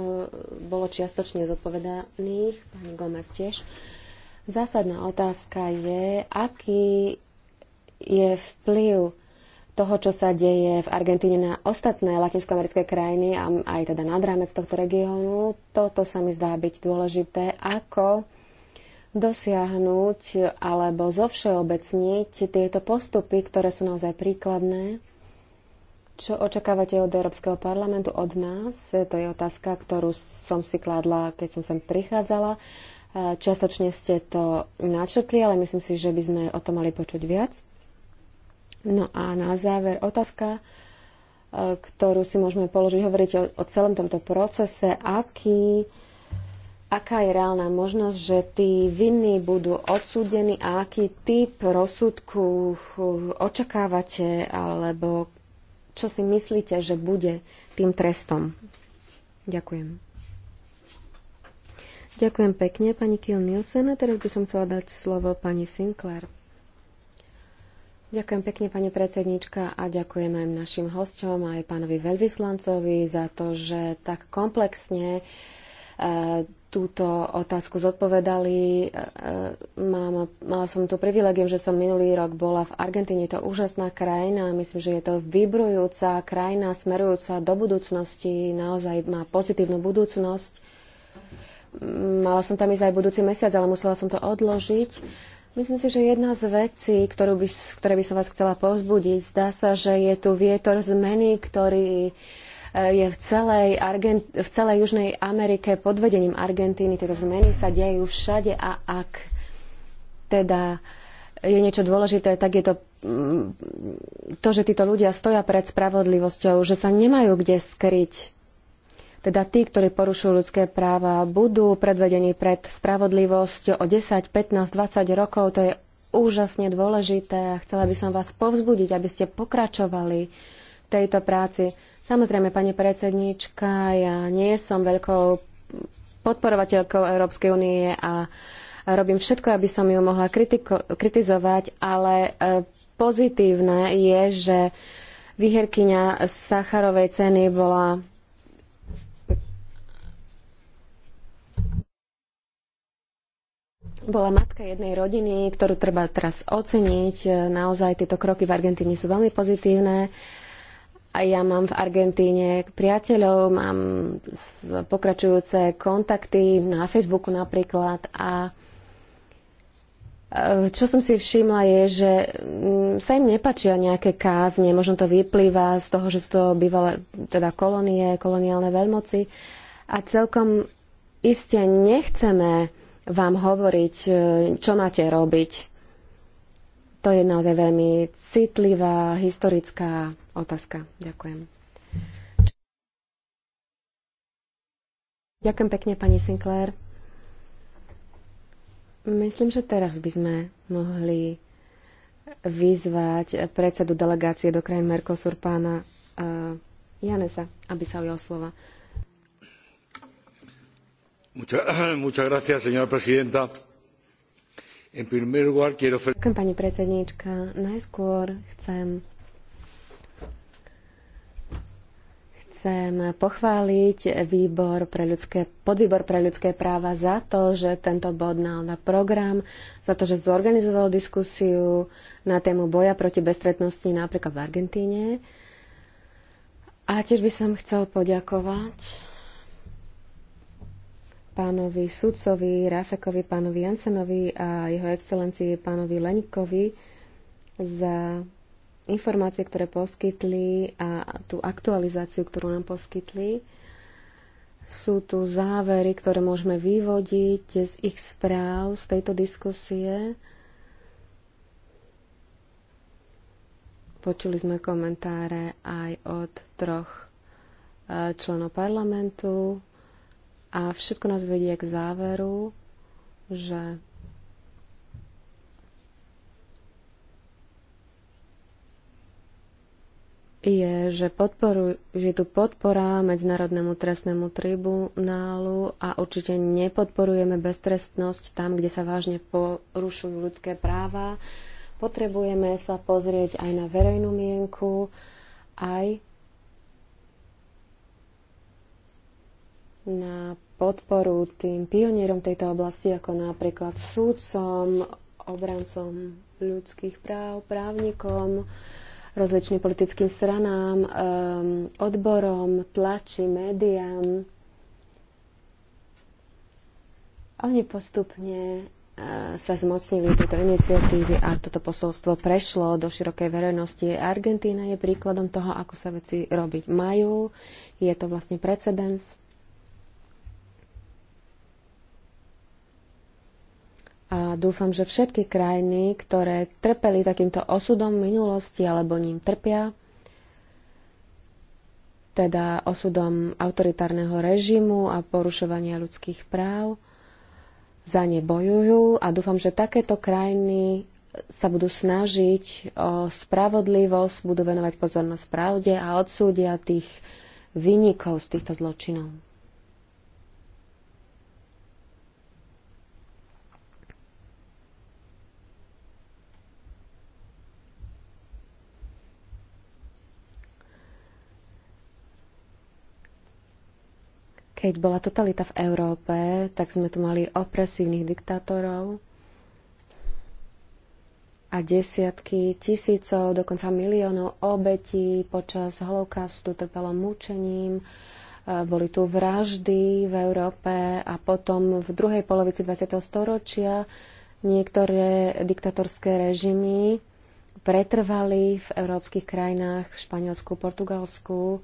bolo čiastočne zodpovedaných, pani Gomez tiež. Zásadná otázka je, aký je vplyv toho, čo sa deje v Argentíne na ostatné latinskoamerické krajiny a aj teda nad rámec tohto regiónu. Toto sa mi zdá byť dôležité, ako dosiahnuť alebo zovšeobecniť tieto postupy, ktoré sú naozaj príkladné. Čo očakávate od Európskeho parlamentu, od nás? To je otázka, ktorú som si kladla, keď som sem prichádzala. Čiastočne ste to načrtli, ale myslím si, že by sme o tom mali počuť viac. No a na záver otázka, e, ktorú si môžeme položiť. Hovoríte o, o celom tomto procese. Aký, aká je reálna možnosť, že tí vinní budú odsúdení a aký typ rozsudku očakávate alebo čo si myslíte, že bude tým trestom? Ďakujem. Ďakujem pekne, pani Kiel Nielsen. A teraz by som chcela dať slovo pani Sinclair. Ďakujem pekne, pani predsednička, a ďakujem aj našim hosťom, aj pánovi veľvyslancovi za to, že tak komplexne e, túto otázku zodpovedali. E, e, mám, mala som tu privilegium, že som minulý rok bola v Argentíne. Je to úžasná krajina. Myslím, že je to vybrujúca krajina, smerujúca do budúcnosti. Naozaj má pozitívnu budúcnosť. Mala som tam ísť aj budúci mesiac, ale musela som to odložiť Myslím si, že jedna z vecí, ktorú by, ktoré by som vás chcela povzbudiť, zdá sa, že je tu vietor zmeny, ktorý e, je v celej, Argent- v celej Južnej Amerike pod vedením Argentíny. Tieto zmeny sa dejú všade a ak teda je niečo dôležité, tak je to mm, to, že títo ľudia stoja pred spravodlivosťou, že sa nemajú kde skryť teda tí, ktorí porušujú ľudské práva, budú predvedení pred spravodlivosť o 10, 15, 20 rokov. To je úžasne dôležité a chcela by som vás povzbudiť, aby ste pokračovali v tejto práci. Samozrejme, pani predsednička, ja nie som veľkou podporovateľkou Európskej únie a robím všetko, aby som ju mohla kritizovať, ale e, pozitívne je, že výherkyňa Sacharovej ceny bola bola matka jednej rodiny, ktorú treba teraz oceniť. E, naozaj tieto kroky v Argentíne sú veľmi pozitívne. A ja mám v Argentíne priateľov, mám pokračujúce kontakty na Facebooku napríklad a e, čo som si všimla je, že mm, sa im nepačia nejaké kázne, možno to vyplýva z toho, že sú to bývalé teda kolónie, koloniálne veľmoci a celkom iste nechceme vám hovoriť, e, čo máte robiť. To je naozaj veľmi citlivá historická otázka. Ďakujem. Ďakujem pekne, pani Sinclair. Myslím, že teraz by sme mohli vyzvať predsedu delegácie do krajín Mercosur pána uh, Janesa, aby sa ujal slova. Ďakujem, pani predsedníčka. Najskôr chcem pochváliť výbor pre ľudské, podvýbor pre ľudské práva za to, že tento bod dal na program, za to, že zorganizoval diskusiu na tému boja proti bezstretnosti napríklad v Argentíne. A tiež by som chcel poďakovať pánovi sudcovi Rafekovi, pánovi Jansenovi a jeho excelencii pánovi Lenikovi za informácie, ktoré poskytli a tú aktualizáciu, ktorú nám poskytli. Sú tu závery, ktoré môžeme vyvodiť z ich správ, z tejto diskusie. Počuli sme komentáre aj od troch eh, členov parlamentu, a všetko nás vedie k záveru, že je, že, podporu, že je tu podpora Medzinárodnému trestnému tribunálu a určite nepodporujeme beztrestnosť tam, kde sa vážne porušujú ľudské práva. Potrebujeme sa pozrieť aj na verejnú mienku, aj na podporu tým pionierom tejto oblasti, ako napríklad súdcom, obrancom ľudských práv, právnikom, rozličným politickým stranám, um, odborom, tlači, médiám. Oni postupne eh, sa zmocnili tejto iniciatívy a toto posolstvo prešlo do širokej verejnosti. Argentína je príkladom toho, ako sa veci robiť majú. Je to vlastne precedens A dúfam, že všetky krajiny, ktoré trpeli takýmto osudom minulosti alebo ním trpia, teda osudom autoritárneho režimu a porušovania ľudských práv, za ne bojujú a dúfam, že takéto krajiny sa budú snažiť o spravodlivosť, budú venovať pozornosť pravde a odsúdia tých vynikov z týchto zločinov. Keď bola totalita v Európe, tak sme tu mali opresívnych diktátorov a desiatky tisícov, dokonca miliónov obetí počas holokaustu trpelo mučením. E, boli tu vraždy v Európe a potom v druhej polovici 20. storočia niektoré diktatorské režimy pretrvali v európskych krajinách, v Španielsku, Portugalsku,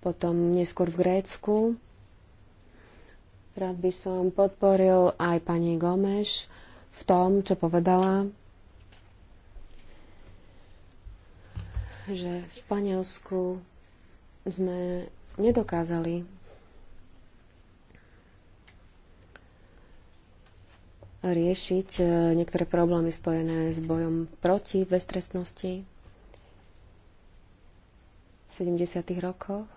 potom neskôr v Grécku. Rád by som podporil aj pani Gomeš v tom, čo povedala, že v Španielsku sme nedokázali riešiť e, niektoré problémy spojené s bojom proti beztrestnosti v 70. rokoch.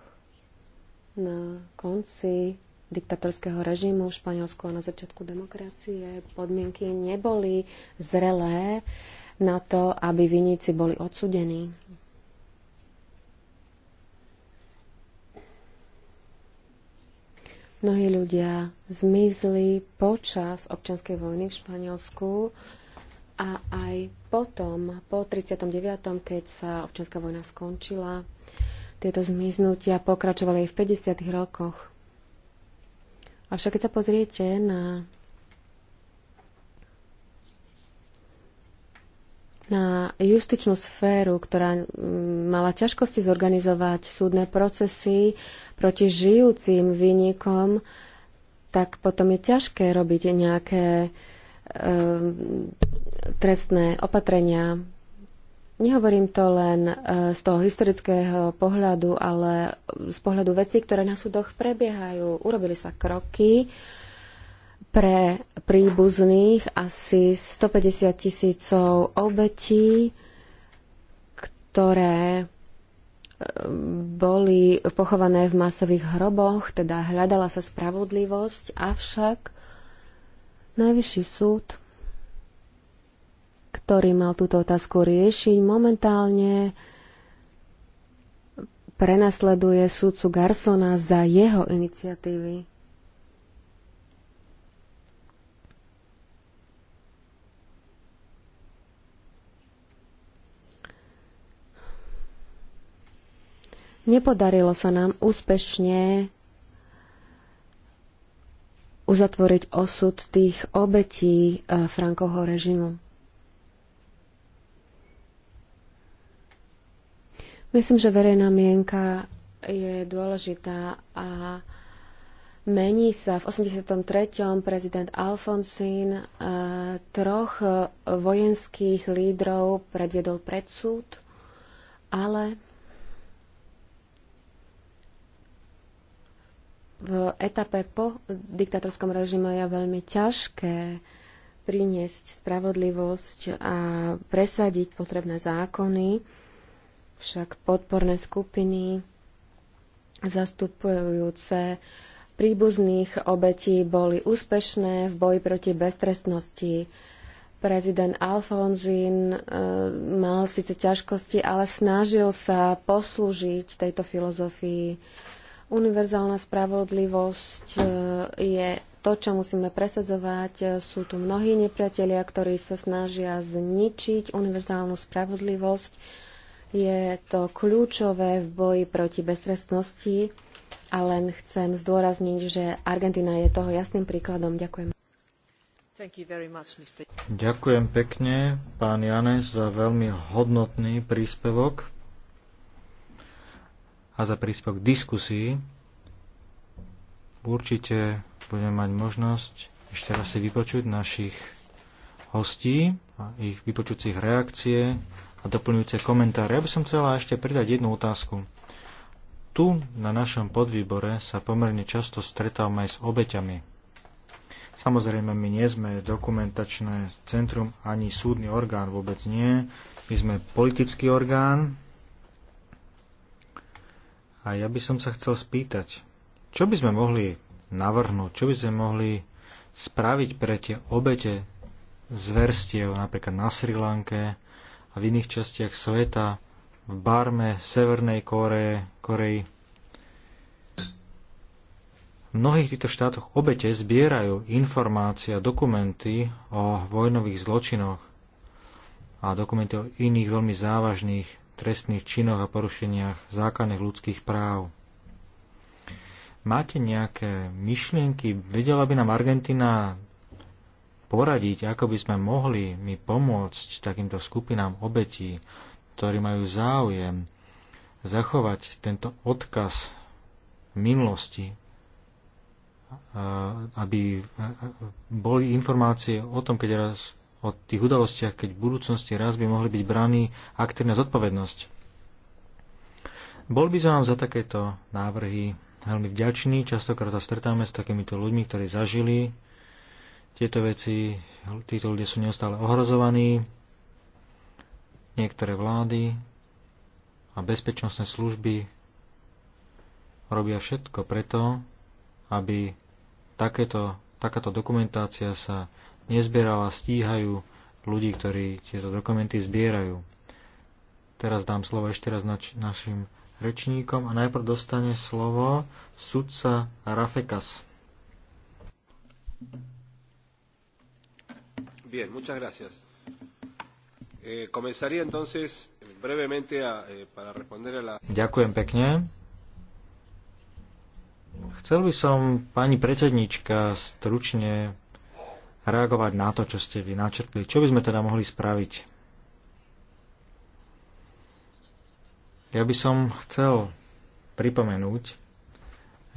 Na konci diktatorského režimu v Španielsku a na začiatku demokracie podmienky neboli zrelé na to, aby viníci boli odsudení. Mnohí ľudia zmizli počas občianskej vojny v Španielsku a aj potom, po 39., keď sa občianská vojna skončila, tieto zmiznutia pokračovali aj v 50. rokoch. Avšak keď sa pozriete na na justičnú sféru, ktorá mala ťažkosti zorganizovať súdne procesy proti žijúcim výnikom, tak potom je ťažké robiť nejaké e, trestné opatrenia Nehovorím to len e, z toho historického pohľadu, ale z pohľadu vecí, ktoré na súdoch prebiehajú. Urobili sa kroky pre príbuzných asi 150 tisícov obetí, ktoré e, boli pochované v masových hroboch, teda hľadala sa spravodlivosť, avšak Najvyšší súd ktorý mal túto otázku riešiť, momentálne prenasleduje sudcu Garsona za jeho iniciatívy. Nepodarilo sa nám úspešne uzatvoriť osud tých obetí eh, Frankovho režimu. Myslím, že verejná mienka je dôležitá a mení sa. V 83. prezident Alfonsín e, troch vojenských lídrov predviedol pred súd, ale v etape po diktatorskom režime je veľmi ťažké priniesť spravodlivosť a presadiť potrebné zákony však podporné skupiny zastupujúce príbuzných obetí boli úspešné v boji proti beztrestnosti. Prezident Alfonzín e, mal síce ťažkosti, ale snažil sa poslúžiť tejto filozofii. Univerzálna spravodlivosť e, je to, čo musíme presadzovať. Sú tu mnohí nepriatelia, ktorí sa snažia zničiť univerzálnu spravodlivosť je to kľúčové v boji proti beztrestnosti a len chcem zdôrazniť, že Argentína je toho jasným príkladom. Ďakujem. Much, Ďakujem pekne, pán Janes, za veľmi hodnotný príspevok a za príspevok diskusii. Určite budem mať možnosť ešte raz si vypočuť našich hostí a ich vypočúcich reakcie a doplňujúce komentáre. Ja by som chcela ešte pridať jednu otázku. Tu na našom podvýbore sa pomerne často stretávame aj s obeťami. Samozrejme, my nie sme dokumentačné centrum ani súdny orgán, vôbec nie. My sme politický orgán. A ja by som sa chcel spýtať, čo by sme mohli navrhnúť, čo by sme mohli spraviť pre tie obete zverstiev, napríklad na Sri Lanke, a v iných častiach sveta, v Barme, Severnej Koreje, Koreji. V mnohých týchto štátoch obete zbierajú informácie a dokumenty o vojnových zločinoch a dokumenty o iných veľmi závažných trestných činoch a porušeniach základných ľudských práv. Máte nejaké myšlienky? Vedela by nám Argentina poradiť, ako by sme mohli my pomôcť takýmto skupinám obetí, ktorí majú záujem zachovať tento odkaz minulosti, aby boli informácie o tom, keď raz o tých udalostiach, keď v budúcnosti raz by mohli byť braní aktívna zodpovednosť. Bol by som vám za takéto návrhy veľmi vďačný. Častokrát sa stretáme s takýmito ľuďmi, ktorí zažili tieto veci, títo ľudia sú neustále ohrozovaní, niektoré vlády a bezpečnostné služby robia všetko preto, aby takéto, takáto dokumentácia sa nezbierala, stíhajú ľudí, ktorí tieto dokumenty zbierajú. Teraz dám slovo ešte raz nač- našim rečníkom a najprv dostane slovo sudca Rafekas. Bien, muchas gracias. Eh, comenzaría entonces brevemente a, eh, para responder a la... Ďakujem pekne. Chcel by som, pani predsednička, stručne reagovať na to, čo ste vy načrtli. Čo by sme teda mohli spraviť? Ja by som chcel pripomenúť,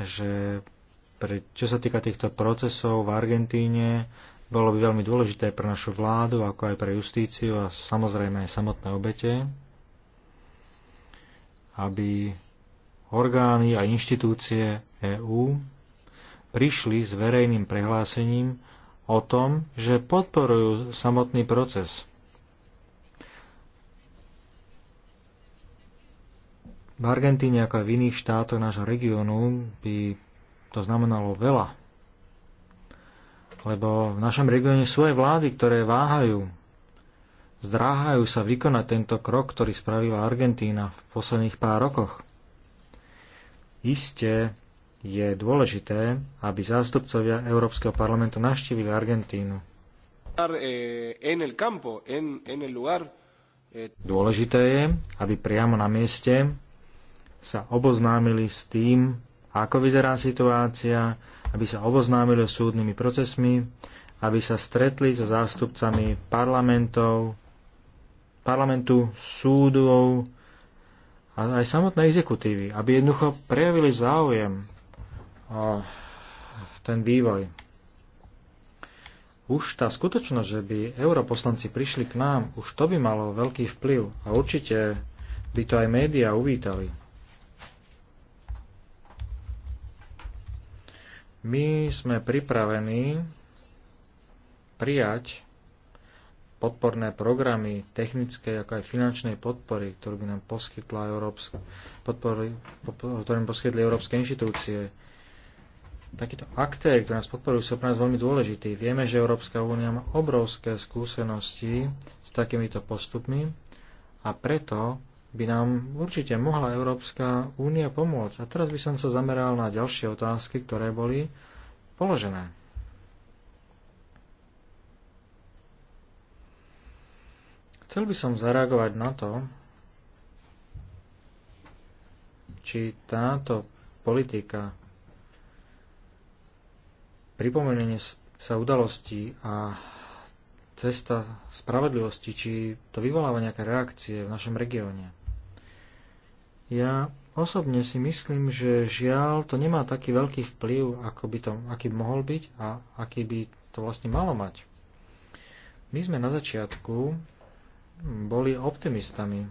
že pre, čo sa týka týchto procesov v Argentíne, bolo by veľmi dôležité pre našu vládu, ako aj pre justíciu a samozrejme aj samotné obete, aby orgány a inštitúcie EÚ prišli s verejným prehlásením o tom, že podporujú samotný proces. V Argentíne ako aj v iných štátoch nášho regiónu by to znamenalo veľa lebo v našom regióne sú aj vlády, ktoré váhajú, zdráhajú sa vykonať tento krok, ktorý spravila Argentína v posledných pár rokoch. Isté je dôležité, aby zástupcovia Európskeho parlamentu navštívili Argentínu. Eh, eh. Dôležité je, aby priamo na mieste sa oboznámili s tým, ako vyzerá situácia, aby sa oboznámili s súdnymi procesmi, aby sa stretli so zástupcami parlamentov, parlamentu, súdov a aj samotnej exekutívy, aby jednoducho prejavili záujem o ten vývoj. Už tá skutočnosť, že by europoslanci prišli k nám, už to by malo veľký vplyv a určite by to aj médiá uvítali. My sme pripravení prijať podporné programy technickej ako aj finančnej podpory, ktorú by nám poskytla Európska, podpory, poskytli európske inštitúcie. Takíto aktéry, ktoré nás podporujú, sú pre nás veľmi dôležití. Vieme, že Európska únia má obrovské skúsenosti s takýmito postupmi a preto by nám určite mohla Európska únia pomôcť. A teraz by som sa zameral na ďalšie otázky, ktoré boli položené. Chcel by som zareagovať na to, či táto politika pripomenenie sa udalostí a cesta spravedlivosti, či to vyvoláva nejaké reakcie v našom regióne. Ja osobne si myslím, že žiaľ to nemá taký veľký vplyv, ako by to, aký by mohol byť a aký by to vlastne malo mať. My sme na začiatku boli optimistami.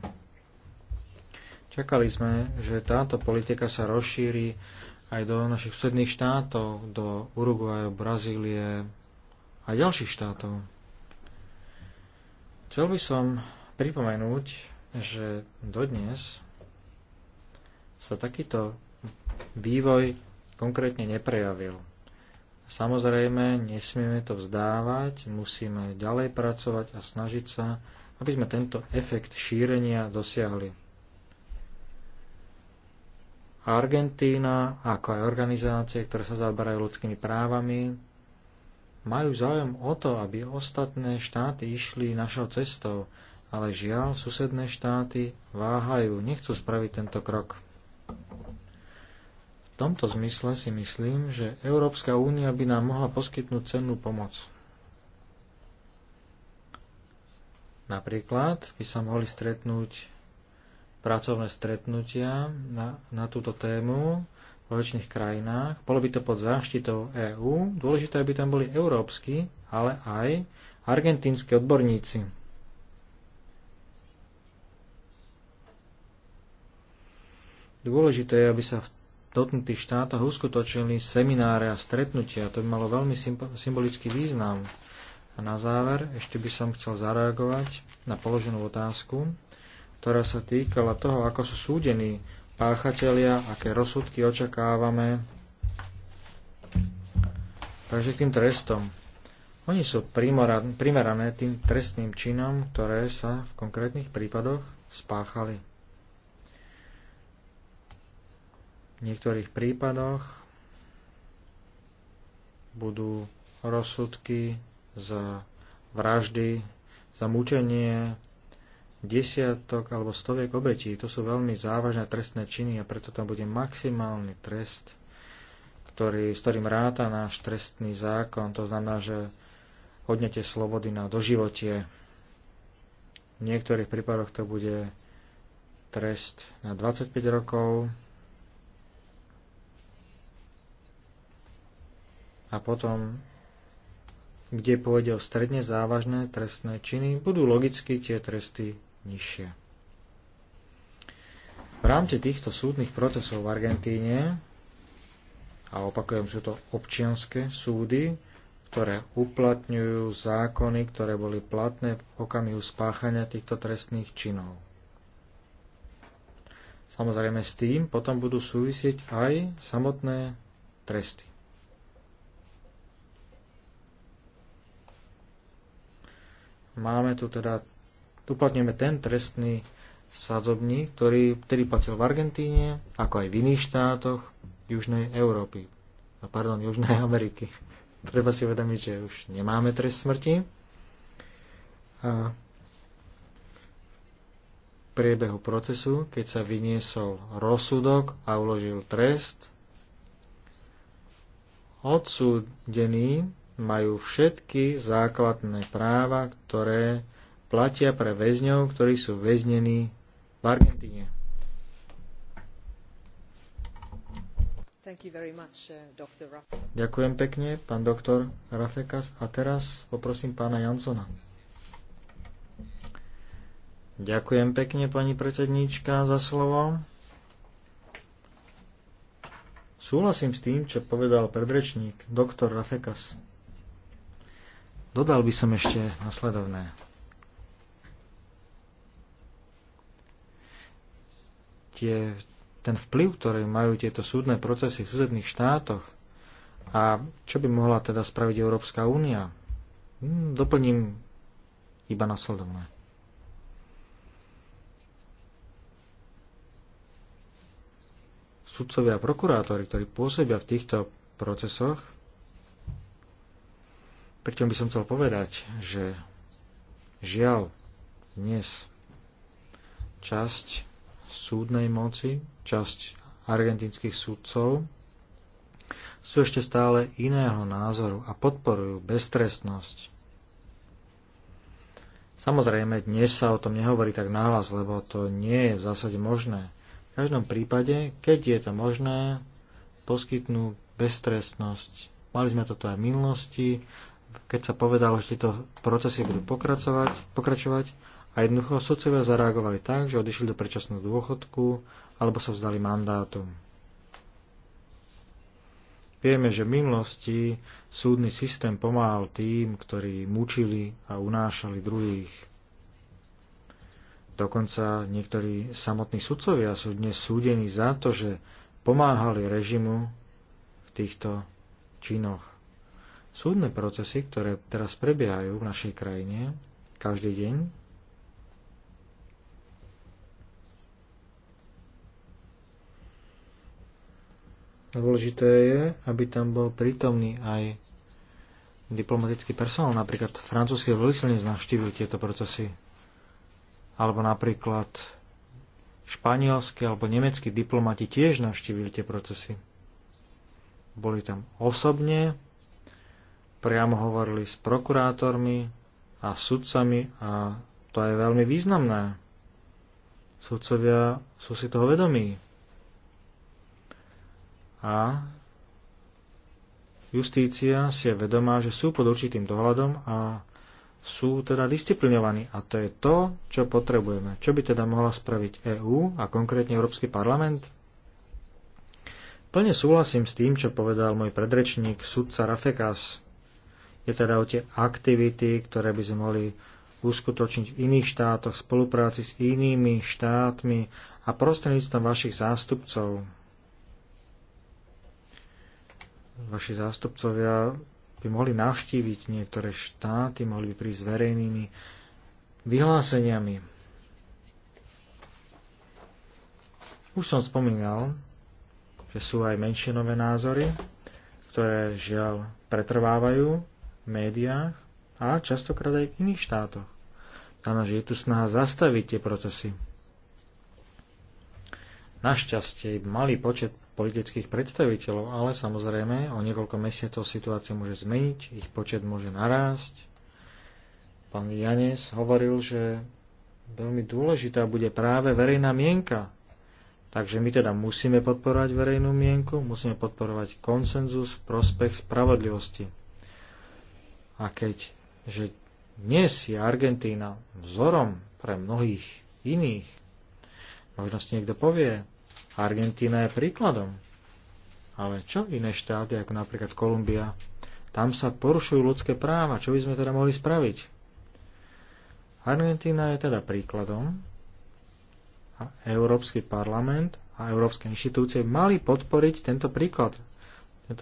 Čakali sme, že táto politika sa rozšíri aj do našich susedných štátov, do Uruguaju, Brazílie a ďalších štátov. Chcel by som pripomenúť, že dodnes sa takýto vývoj konkrétne neprejavil. Samozrejme, nesmieme to vzdávať, musíme ďalej pracovať a snažiť sa, aby sme tento efekt šírenia dosiahli. Argentína, ako aj organizácie, ktoré sa zaoberajú ľudskými právami, majú záujem o to, aby ostatné štáty išli našou cestou, ale žiaľ, susedné štáty váhajú, nechcú spraviť tento krok. V tomto zmysle si myslím, že Európska únia by nám mohla poskytnúť cennú pomoc. Napríklad by sa mohli stretnúť pracovné stretnutia na, na túto tému v rozličných krajinách. Bolo by to pod záštitou EÚ. Dôležité, aby tam boli európsky, ale aj argentínsky odborníci. Dôležité je, aby sa v dotnutých štátoch uskutočnili semináre a stretnutia. To by malo veľmi symbolický význam. A na záver ešte by som chcel zareagovať na položenú otázku, ktorá sa týkala toho, ako sú súdení páchatelia, aké rozsudky očakávame. Takže k tým trestom. Oni sú primerané tým trestným činom, ktoré sa v konkrétnych prípadoch spáchali. V niektorých prípadoch budú rozsudky za vraždy, za mučenie desiatok alebo stoviek obetí. To sú veľmi závažné trestné činy a preto tam bude maximálny trest, ktorý, s ktorým ráta náš trestný zákon. To znamená, že odnete slobody na doživotie. V niektorých prípadoch to bude trest na 25 rokov, a potom, kde pôjde o stredne závažné trestné činy, budú logicky tie tresty nižšie. V rámci týchto súdnych procesov v Argentíne, a opakujem, sú to občianské súdy, ktoré uplatňujú zákony, ktoré boli platné v okamihu spáchania týchto trestných činov. Samozrejme s tým potom budú súvisieť aj samotné tresty. máme tu teda, uplatňujeme ten trestný sadzobník, ktorý ktorý platil v Argentíne, ako aj v iných štátoch Južnej Európy. No, pardon, Južnej Ameriky. Treba si uvedomiť, že už nemáme trest smrti. A v priebehu procesu, keď sa vyniesol rozsudok a uložil trest, odsúdený majú všetky základné práva, ktoré platia pre väzňov, ktorí sú väznení v Argentíne. Much, uh, Ďakujem pekne, pán doktor Rafekas. A teraz poprosím pána Jansona. Ďakujem pekne, pani predsedníčka, za slovo. Súhlasím s tým, čo povedal predrečník, doktor Rafekas. Dodal by som ešte nasledovné. Tie, ten vplyv, ktorý majú tieto súdne procesy v susedných štátoch a čo by mohla teda spraviť Európska únia, hm, doplním iba nasledovné. Sudcovia a prokurátori, ktorí pôsobia v týchto procesoch, Pričom by som chcel povedať, že žiaľ dnes časť súdnej moci, časť argentinských súdcov sú ešte stále iného názoru a podporujú beztrestnosť. Samozrejme, dnes sa o tom nehovorí tak náhlas, lebo to nie je v zásade možné. V každom prípade, keď je to možné, poskytnú beztrestnosť. Mali sme toto aj v minulosti, keď sa povedalo, že tieto procesy budú pokračovať, pokračovať a jednoducho sudcovia zareagovali tak, že odišli do predčasného dôchodku alebo sa vzdali mandátu. Vieme, že v minulosti súdny systém pomáhal tým, ktorí mučili a unášali druhých. Dokonca niektorí samotní sudcovia sú dnes súdení za to, že pomáhali režimu v týchto činoch. Súdne procesy, ktoré teraz prebiehajú v našej krajine každý deň, Dôležité je, aby tam bol prítomný aj diplomatický personál. Napríklad francúzsky veľvyslanec navštívil tieto procesy. Alebo napríklad španielskí alebo nemeckí diplomati tiež navštívili tie procesy. Boli tam osobne, priamo hovorili s prokurátormi a sudcami a to je veľmi významné. Sudcovia sú si toho vedomí. A justícia si je vedomá, že sú pod určitým dohľadom a sú teda disciplinovaní. A to je to, čo potrebujeme. Čo by teda mohla spraviť EÚ a konkrétne Európsky parlament? Plne súhlasím s tým, čo povedal môj predrečník sudca Rafekas je teda o tie aktivity, ktoré by sme mohli uskutočniť v iných štátoch, v spolupráci s inými štátmi a prostredníctvom vašich zástupcov. Vaši zástupcovia by mohli navštíviť niektoré štáty, mohli by prísť s verejnými vyhláseniami. Už som spomínal, že sú aj menšinové názory, ktoré žiaľ pretrvávajú médiách a častokrát aj v iných štátoch. Znamená, že je tu snaha zastaviť tie procesy. Našťastie malý počet politických predstaviteľov, ale samozrejme o niekoľko mesiacov situácia môže zmeniť, ich počet môže narásť. Pán Janes hovoril, že veľmi dôležitá bude práve verejná mienka. Takže my teda musíme podporovať verejnú mienku, musíme podporovať konsenzus v prospech spravodlivosti. A keď že dnes je Argentína vzorom pre mnohých iných, možno si niekto povie, Argentína je príkladom. Ale čo iné štáty, ako napríklad Kolumbia, tam sa porušujú ľudské práva, čo by sme teda mohli spraviť? Argentína je teda príkladom a Európsky parlament a európske inštitúcie mali podporiť tento príklad.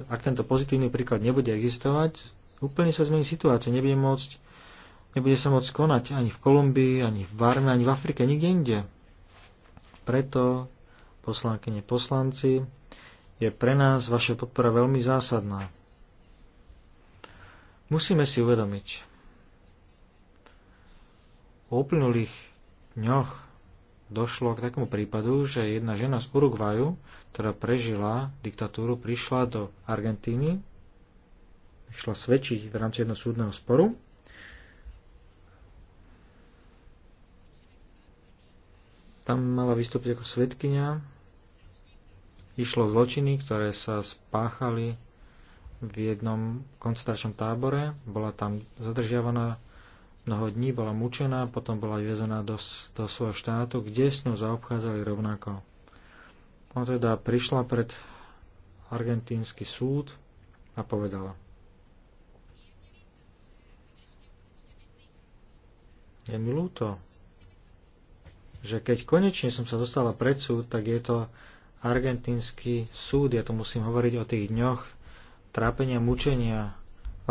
Ak tento pozitívny príklad nebude existovať, Úplne sa zmení situácia, nebude môcť, nebude sa môcť konať ani v Kolumbii, ani v Barme, ani v Afrike, nikde inde. Preto, poslankyne poslanci, je pre nás vaša podpora veľmi zásadná. Musíme si uvedomiť, o uplynulých dňoch došlo k takému prípadu, že jedna žena z Uruguaju, ktorá prežila diktatúru, prišla do Argentíny išla svedčiť v rámci jedného súdneho sporu. Tam mala vystúpiť ako svetkynia. Išlo zločiny, ktoré sa spáchali v jednom koncentračnom tábore. Bola tam zadržiavaná mnoho dní, bola mučená, potom bola vyvezená do, do svojho štátu, kde s ňou zaobchádzali rovnako. On teda prišla pred argentínsky súd a povedala – Je mi ľúto, že keď konečne som sa dostala pred súd, tak je to argentínsky súd. Ja to musím hovoriť o tých dňoch trápenia, mučenia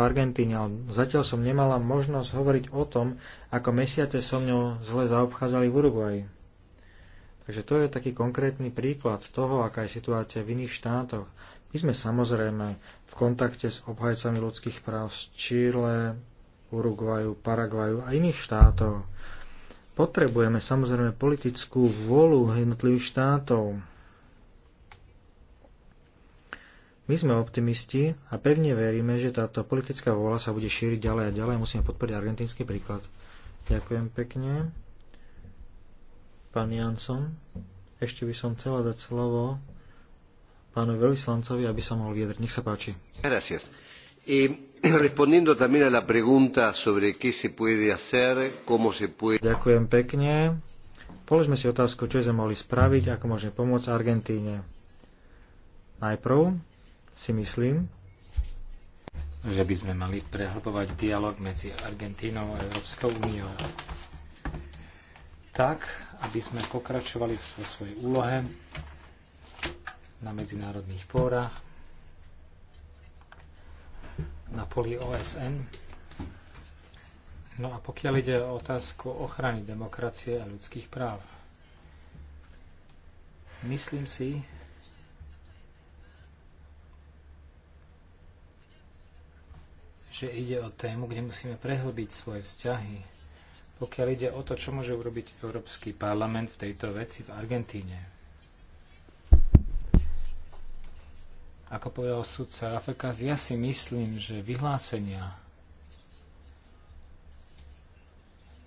v Argentíne, ale zatiaľ som nemala možnosť hovoriť o tom, ako mesiace so mňou zle zaobchádzali v Uruguaji. Takže to je taký konkrétny príklad toho, aká je situácia v iných štátoch. My sme samozrejme v kontakte s obhajcami ľudských práv z Čile, Uruguaju, Paraguaju a iných štátov. Potrebujeme samozrejme politickú vôľu jednotlivých štátov. My sme optimisti a pevne veríme, že táto politická vôľa sa bude šíriť ďalej a ďalej. Musíme podporiť argentínsky príklad. Ďakujem pekne. Pán Jansson, ešte by som chcela dať slovo pánu veľvyslancovi, aby sa mohol vyjadriť. Nech sa páči. Gracias. I... Eh, Respondiendo también a la pregunta sobre qué se puede hacer, cómo se puede... Ďakujem pekne. Položme si otázku, čo sme mohli spraviť, ako môžeme pomôcť Argentíne. Najprv si myslím, že by sme mali prehlbovať dialog medzi Argentínou a Európskou úniou. Tak, aby sme pokračovali vo svojej úlohe na medzinárodných fórach, na poli OSN. No a pokiaľ ide o otázku ochrany demokracie a ľudských práv, myslím si, že ide o tému, kde musíme prehlbiť svoje vzťahy. Pokiaľ ide o to, čo môže urobiť Európsky parlament v tejto veci v Argentíne, Ako povedal sudca Rafekas, ja si myslím, že vyhlásenia,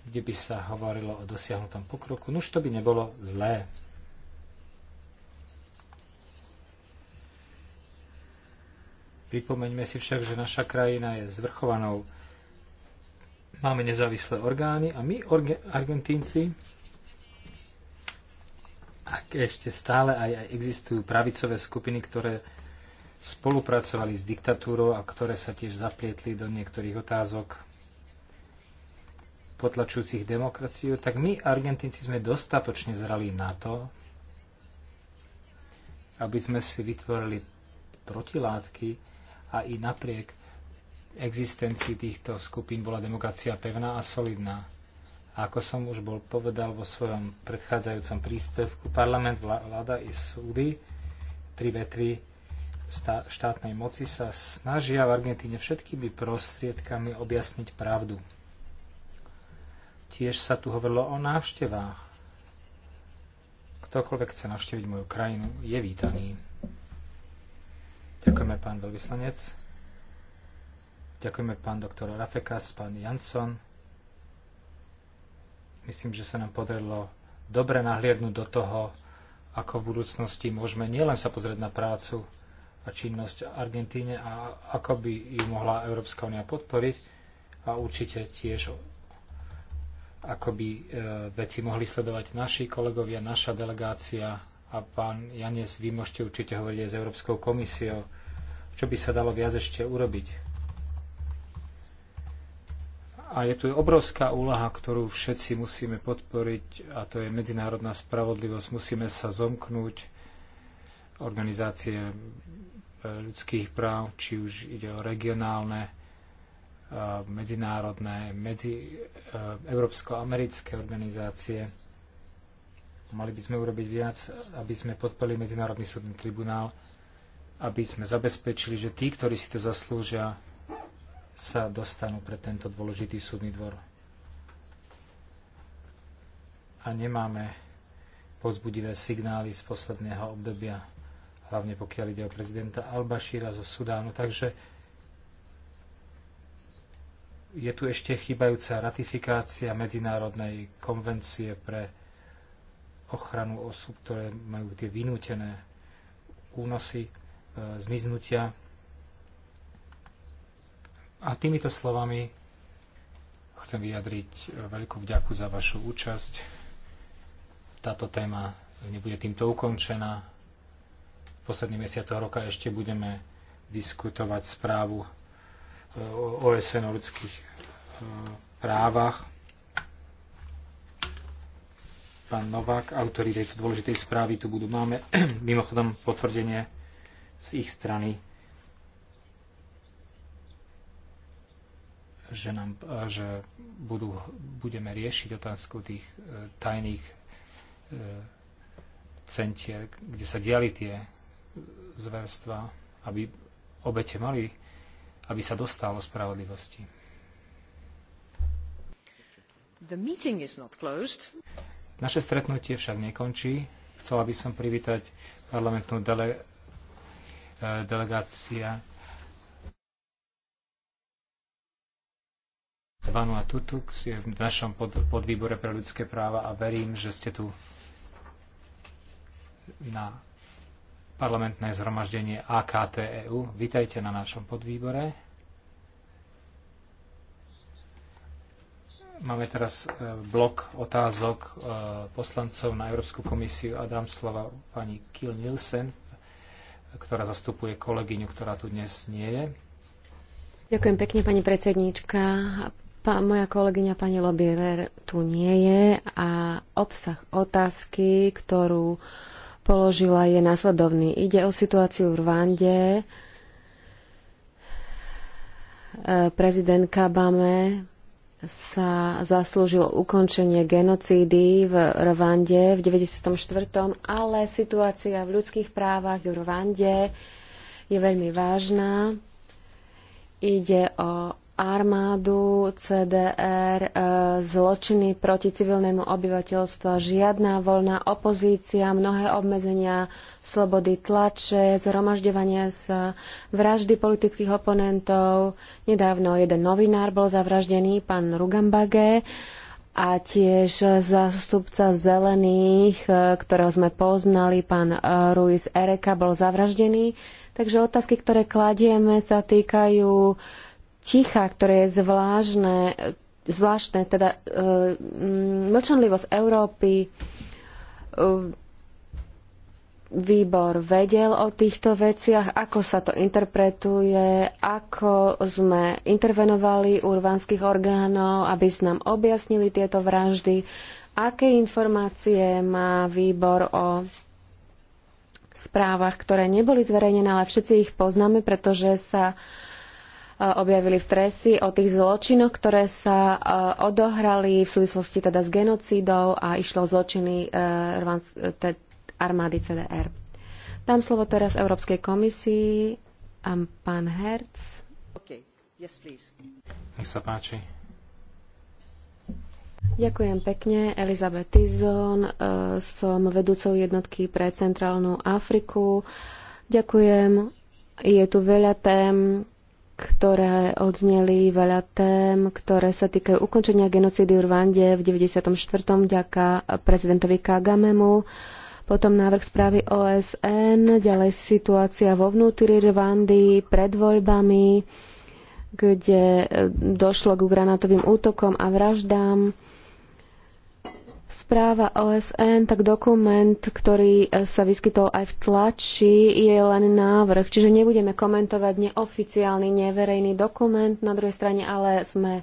kde by sa hovorilo o dosiahnutom pokroku, nuž no to by nebolo zlé. Pripomeňme si však, že naša krajina je zvrchovanou. Máme nezávislé orgány a my, Orge- Argentínci, ak ešte stále aj, aj existujú pravicové skupiny, ktoré spolupracovali s diktatúrou a ktoré sa tiež zaplietli do niektorých otázok potlačujúcich demokraciu, tak my, Argentinci, sme dostatočne zrali na to, aby sme si vytvorili protilátky a i napriek existencii týchto skupín bola demokracia pevná a solidná. A ako som už bol povedal vo svojom predchádzajúcom príspevku, parlament, vláda i súdy, tri vetvy štátnej moci sa snažia v Argentíne všetkými prostriedkami objasniť pravdu. Tiež sa tu hovorilo o návštevách. Ktokoľvek chce navštíviť moju krajinu, je vítaný. Ďakujeme pán veľvyslanec. Ďakujeme pán doktor Rafekas, pán Jansson. Myslím, že sa nám podarilo dobre nahliadnúť do toho, ako v budúcnosti môžeme nielen sa pozrieť na prácu a činnosť Argentíne a ako by ju mohla Európska únia podporiť a určite tiež ako by e, veci mohli sledovať naši kolegovia, naša delegácia a pán Janes, vy môžete určite hovoriť aj s Európskou komisiou, čo by sa dalo viac ešte urobiť. A je tu obrovská úlaha, ktorú všetci musíme podporiť, a to je medzinárodná spravodlivosť. Musíme sa zomknúť organizácie ľudských práv, či už ide o regionálne, e, medzinárodné, medzi e, európsko-americké organizácie. Mali by sme urobiť viac, aby sme podporili Medzinárodný súdny tribunál, aby sme zabezpečili, že tí, ktorí si to zaslúžia, sa dostanú pre tento dôležitý súdny dvor. A nemáme pozbudivé signály z posledného obdobia hlavne pokiaľ ide o prezidenta Al-Bashira zo Sudánu. Takže je tu ešte chýbajúca ratifikácia Medzinárodnej konvencie pre ochranu osôb, ktoré majú tie vynútené únosy, e, zmiznutia. A týmito slovami chcem vyjadriť e, veľkú vďaku za vašu účasť. Táto téma nebude týmto ukončená posledných mesiacoch roka ešte budeme diskutovať správu e, o OSN o ľudských e, právach. Pán Novák, autori tejto dôležitej správy tu budú. Máme mimochodom potvrdenie z ich strany, že, nám, e, že budú, budeme riešiť otázku tých tajných centier, kde sa diali tie zverstva, aby obete mali, aby sa dostalo spravodlivosti. Naše stretnutie však nekončí. Chcela by som privítať parlamentnú dele, e, delegácia a Tutuk je v našom pod, podvýbore pre ľudské práva a verím, že ste tu na parlamentné zhromaždenie AKTEU. Vítajte na našom podvýbore. Máme teraz e, blok otázok e, poslancov na Európsku komisiu a dám slova pani Kiel Nielsen, ktorá zastupuje kolegyňu, ktorá tu dnes nie je. Ďakujem pekne, pani predsedníčka. Pa, moja kolegyňa pani Lobiever tu nie je a obsah otázky, ktorú uh, položila, je následovný. Ide o situáciu v Rwande. E, prezident Kabame sa zaslúžil ukončenie genocídy v Rwande v 94., ale situácia v ľudských právach v Rwande je veľmi vážna. Ide o armádu, CDR, e, zločiny proti civilnému obyvateľstva, žiadna voľná opozícia, mnohé obmedzenia slobody tlače, zhromažďovania sa, vraždy politických oponentov. Nedávno jeden novinár bol zavraždený, pán Rugambage, a tiež zástupca zelených, e, ktorého sme poznali, pán e, Ruiz Ereka, bol zavraždený. Takže otázky, ktoré kladieme, sa týkajú ticha, ktoré je zvláštne, zvláštne teda e, mlčanlivosť Európy. E, výbor vedel o týchto veciach, ako sa to interpretuje, ako sme intervenovali u urbanských orgánov, aby nám objasnili tieto vraždy, aké informácie má výbor o správach, ktoré neboli zverejnené, ale všetci ich poznáme, pretože sa objavili v tresi o tých zločinoch, ktoré sa odohrali v súvislosti teda s genocídou a išlo o zločiny e, e, armády CDR. Dám slovo teraz Európskej komisii a pán Herc. Okay. Yes, Nech sa páči. Ďakujem pekne. Elizabeth Tizon, e, som vedúcou jednotky pre Centrálnu Afriku. Ďakujem. Je tu veľa tém, ktoré odneli veľa tém, ktoré sa týkajú ukončenia genocídy v Rwande v 94. ďaká prezidentovi Kagamemu, potom návrh správy OSN, ďalej situácia vo vnútri Rwandy pred voľbami, kde došlo k granátovým útokom a vraždám správa OSN, tak dokument, ktorý e, sa vyskytol aj v tlači, je len návrh. Čiže nebudeme komentovať neoficiálny, neverejný dokument. Na druhej strane ale sme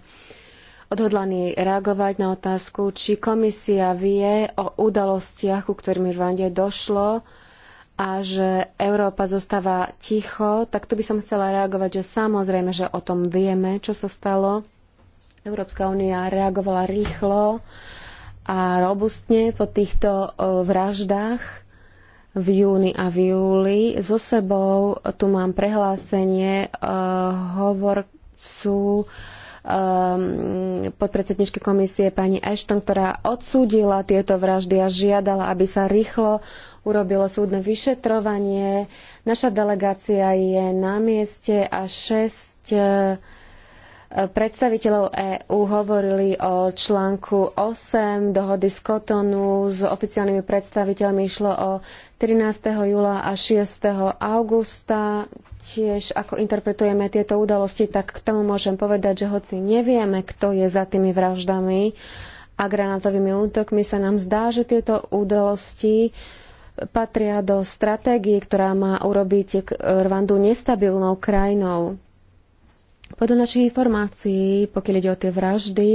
odhodlaní reagovať na otázku, či komisia vie o udalostiach, ku ktorým v Rwande došlo a že Európa zostáva ticho, tak tu by som chcela reagovať, že samozrejme, že o tom vieme, čo sa stalo. Európska únia reagovala rýchlo a robustne po týchto vraždách v júni a v júli. So sebou tu mám prehlásenie e, hovorcu e, podpredsedničky komisie pani Ashton, ktorá odsúdila tieto vraždy a žiadala, aby sa rýchlo urobilo súdne vyšetrovanie. Naša delegácia je na mieste a šesť e, predstaviteľov EÚ hovorili o článku 8 dohody z Kotonu s oficiálnymi predstaviteľmi. Išlo o 13. júla a 6. augusta. Tiež ako interpretujeme tieto udalosti, tak k tomu môžem povedať, že hoci nevieme, kto je za tými vraždami a granátovými útokmi, sa nám zdá, že tieto udalosti patria do stratégie, ktorá má urobiť Rwandu nestabilnou krajinou podľa našich informácií, pokiaľ ide o tie vraždy,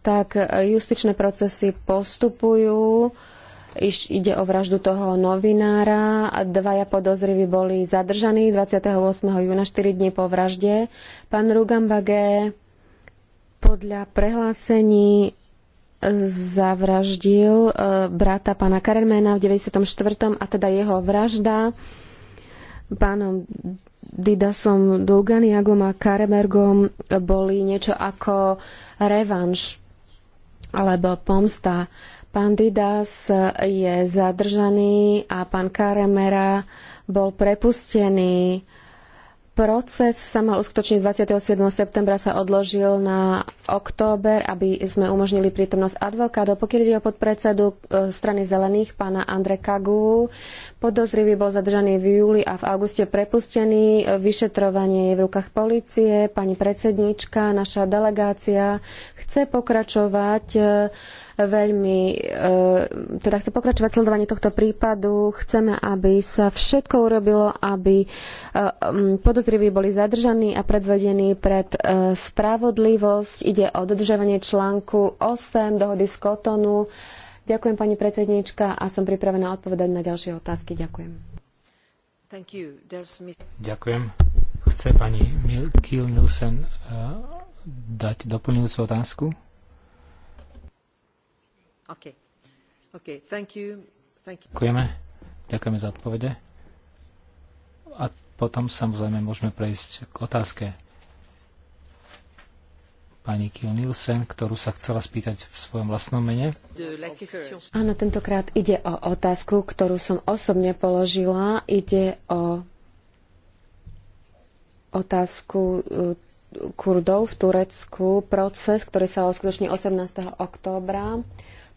tak e, justičné procesy postupujú. Iš, ide o vraždu toho novinára. Dvaja podozriví boli zadržaní 28. júna, 4 dní po vražde. Pán Rugambage podľa prehlásení e, zavraždil e, brata pána Karmena v 94. a teda jeho vražda pánom Didasom Duganiagom a Karebergom boli niečo ako revanš alebo pomsta. Pán Didas je zadržaný a pán Karemera bol prepustený proces sa mal uskutočniť 27. septembra, sa odložil na október, aby sme umožnili prítomnosť advokátov. Pokiaľ ide o podpredsedu e, strany zelených, pána Andre Kagu, podozrivý bol zadržaný v júli a v auguste prepustený. Vyšetrovanie je v rukách policie. Pani predsednička, naša delegácia chce pokračovať e, veľmi, eh, teda chce pokračovať sledovanie tohto prípadu. Chceme, aby sa všetko urobilo, aby eh, mm, podozriví boli zadržaní a predvedení pred eh, spravodlivosť. Ide o dodržovanie článku 8 dohody z Kotonu. Ďakujem pani predsedníčka a som pripravená odpovedať na ďalšie otázky. Ďakujem. Ďakujem. Chce pani Mil- Kiel Nielsen dať doplňujúcu otázku? Ďakujeme. Ďakujeme za odpovede. A potom samozrejme môžeme prejsť k otázke pani Kiel Nielsen, ktorú sa chcela spýtať v svojom vlastnom mene. Áno, tentokrát ide o otázku, ktorú som osobne položila. Ide o otázku e, Kurdov v Turecku, proces, ktorý sa uskutoční 18. októbra.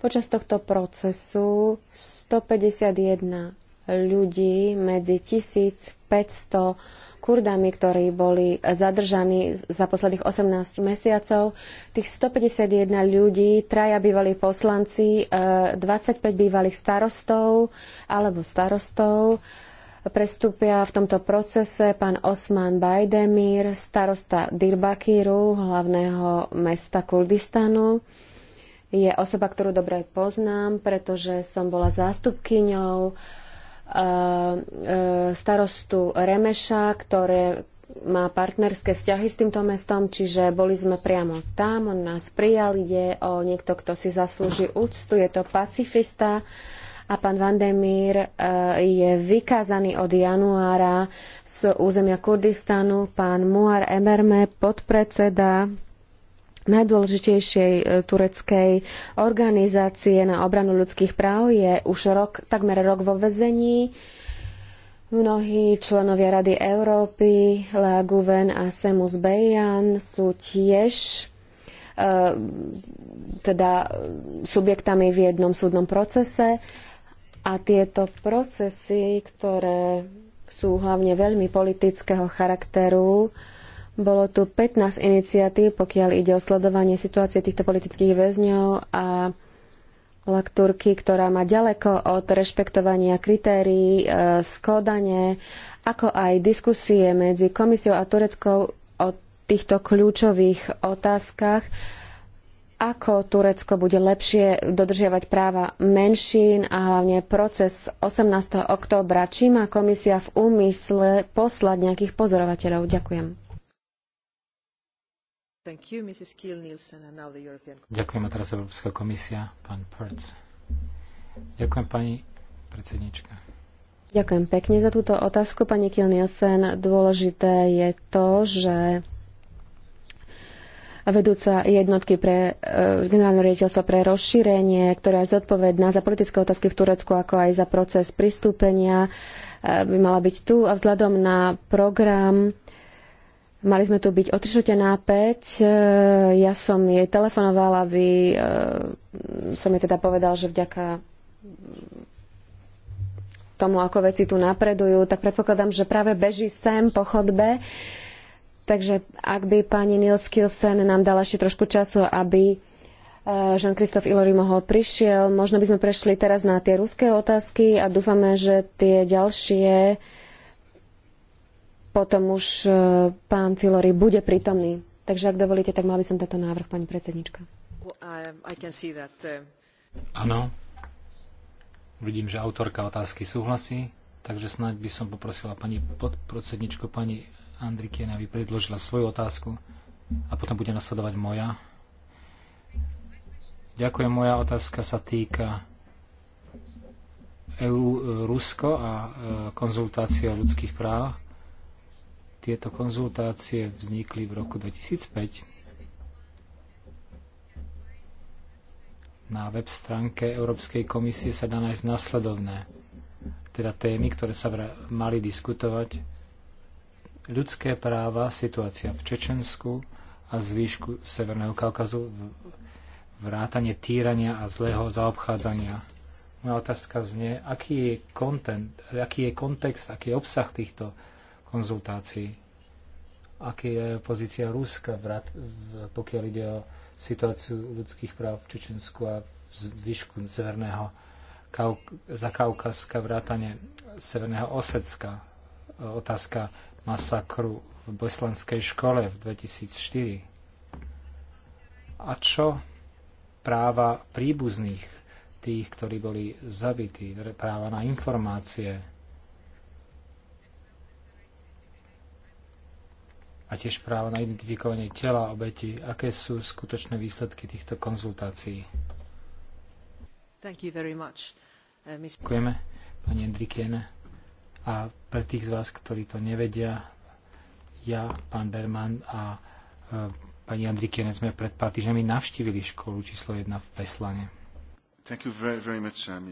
Počas tohto procesu 151 ľudí medzi 1500 kurdami, ktorí boli zadržaní za posledných 18 mesiacov. Tých 151 ľudí, traja bývalí poslanci, 25 e, bývalých starostov alebo starostov, prestúpia v tomto procese pán Osman Bajdemir, starosta Dirbakíru, hlavného mesta Kurdistanu, je osoba, ktorú dobre poznám, pretože som bola zástupkyňou eh, eh, starostu Remeša, ktoré má partnerské vzťahy s týmto mestom, čiže boli sme priamo tam, on nás prijal, ide o niekto, kto si zaslúži úctu, je to pacifista a pán Vandemír eh, je vykázaný od januára z územia Kurdistanu, pán Muar Emerme, podpredseda najdôležitejšej e, tureckej organizácie na obranu ľudských práv je už rok, takmer rok vo vezení. Mnohí členovia Rady Európy, Lea Guven a Semus Bejan sú tiež e, teda subjektami v jednom súdnom procese a tieto procesy, ktoré sú hlavne veľmi politického charakteru, bolo tu 15 iniciatív, pokiaľ ide o sledovanie situácie týchto politických väzňov a lektúrky, ktorá má ďaleko od rešpektovania kritérií, e, skladanie, ako aj diskusie medzi komisiou a Tureckou o týchto kľúčových otázkach, ako Turecko bude lepšie dodržiavať práva menšín a hlavne proces 18. októbra. Či má komisia v úmysle poslať nejakých pozorovateľov? Ďakujem. Ďakujem a teraz Európska komisia, pán Perc. Ďakujem pani predsednička. Ďakujem pekne za túto otázku, pani Kiel Dôležité je to, že vedúca jednotky pre e, generálne riaditeľstvo pre rozšírenie, ktorá je zodpovedná za politické otázky v Turecku, ako aj za proces pristúpenia, e, by mala byť tu a vzhľadom na program Mali sme tu byť o 3 na 5. E, ja som jej telefonovala, aby e, som jej teda povedal, že vďaka tomu, ako veci tu napredujú, tak predpokladám, že práve beží sem po chodbe. Takže ak by pani Nils Kilsen nám dala ešte trošku času, aby e, Jean-Christophe Ilori mohol prišiel, možno by sme prešli teraz na tie ruské otázky a dúfame, že tie ďalšie potom už e, pán Filori bude prítomný. Takže ak dovolíte, tak mal by som tento návrh, pani predsednička. Áno. Vidím, že autorka otázky súhlasí, takže snáď by som poprosila pani podpredsedničku, pani Andrikiene, aby predložila svoju otázku a potom bude nasledovať moja. Ďakujem, moja otázka sa týka EU-Rusko e, a e, konzultácie o ľudských právach. Tieto konzultácie vznikli v roku 2005 na web stránke Európskej komisie sa dá nájsť nasledovné, teda témy, ktoré sa mali diskutovať. Ľudské práva, situácia v Čečensku a zvýšku Severného Kaukazu, vrátanie týrania a zlého zaobchádzania. Moja otázka znie, aký je, kontent, aký je kontext, aký je obsah týchto konzultácií. Aký je pozícia Ruska, vrat, pokiaľ ide o situáciu ľudských práv v Čečensku a výšku zvyšku Severného za Kaukazka vrátane Severného Osecka. Otázka masakru v boslanskej škole v 2004. A čo práva príbuzných, tých, ktorí boli zabití, teda práva na informácie, a tiež právo na identifikovanie tela obeti. Aké sú skutočné výsledky týchto konzultácií? Thank you very much. Uh, Ms. Ďakujeme, pani Endrikiene. A pre tých z vás, ktorí to nevedia, ja, pán Berman a uh, pani Andrikiene sme pred pár týždňami navštívili školu číslo 1 v Peslane. Thank you very, very much, um,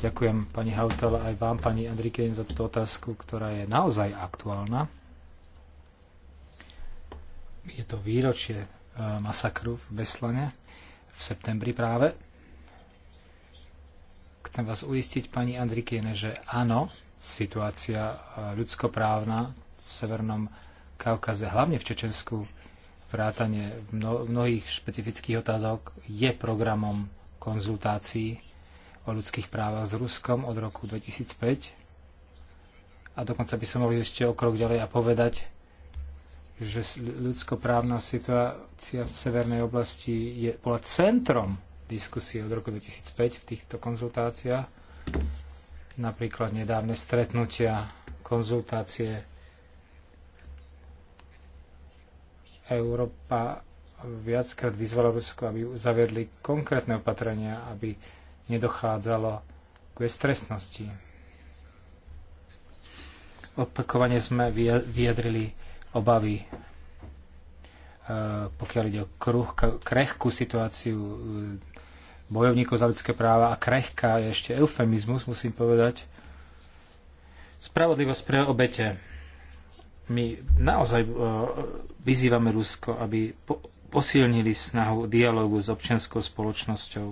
Ďakujem pani Hautala aj vám, pani Andrikiene, za túto otázku, ktorá je naozaj aktuálna je to výročie e, masakru v Beslane v septembri práve. Chcem vás uistiť, pani Andrikiene, že áno, situácia e, ľudskoprávna v Severnom Kaukaze, hlavne v Čečensku, vrátanie mnohých špecifických otázok je programom konzultácií o ľudských právach s Ruskom od roku 2005. A dokonca by som mohol ešte o krok ďalej a povedať, že ľudskoprávna situácia v severnej oblasti je, bola centrom diskusie od roku 2005 v týchto konzultáciách. Napríklad nedávne stretnutia, konzultácie Európa viackrát vyzvala Rusko, aby zaviedli konkrétne opatrenia, aby nedochádzalo k stresnosti. Opakovane sme vyjadrili obavy, e, pokiaľ ide o kruh, krehkú situáciu e, bojovníkov za ľudské práva a krehká je ešte eufemizmus, musím povedať. Spravodlivosť pre obete. My naozaj e, vyzývame Rusko, aby posilnili snahu dialogu s občianskou spoločnosťou,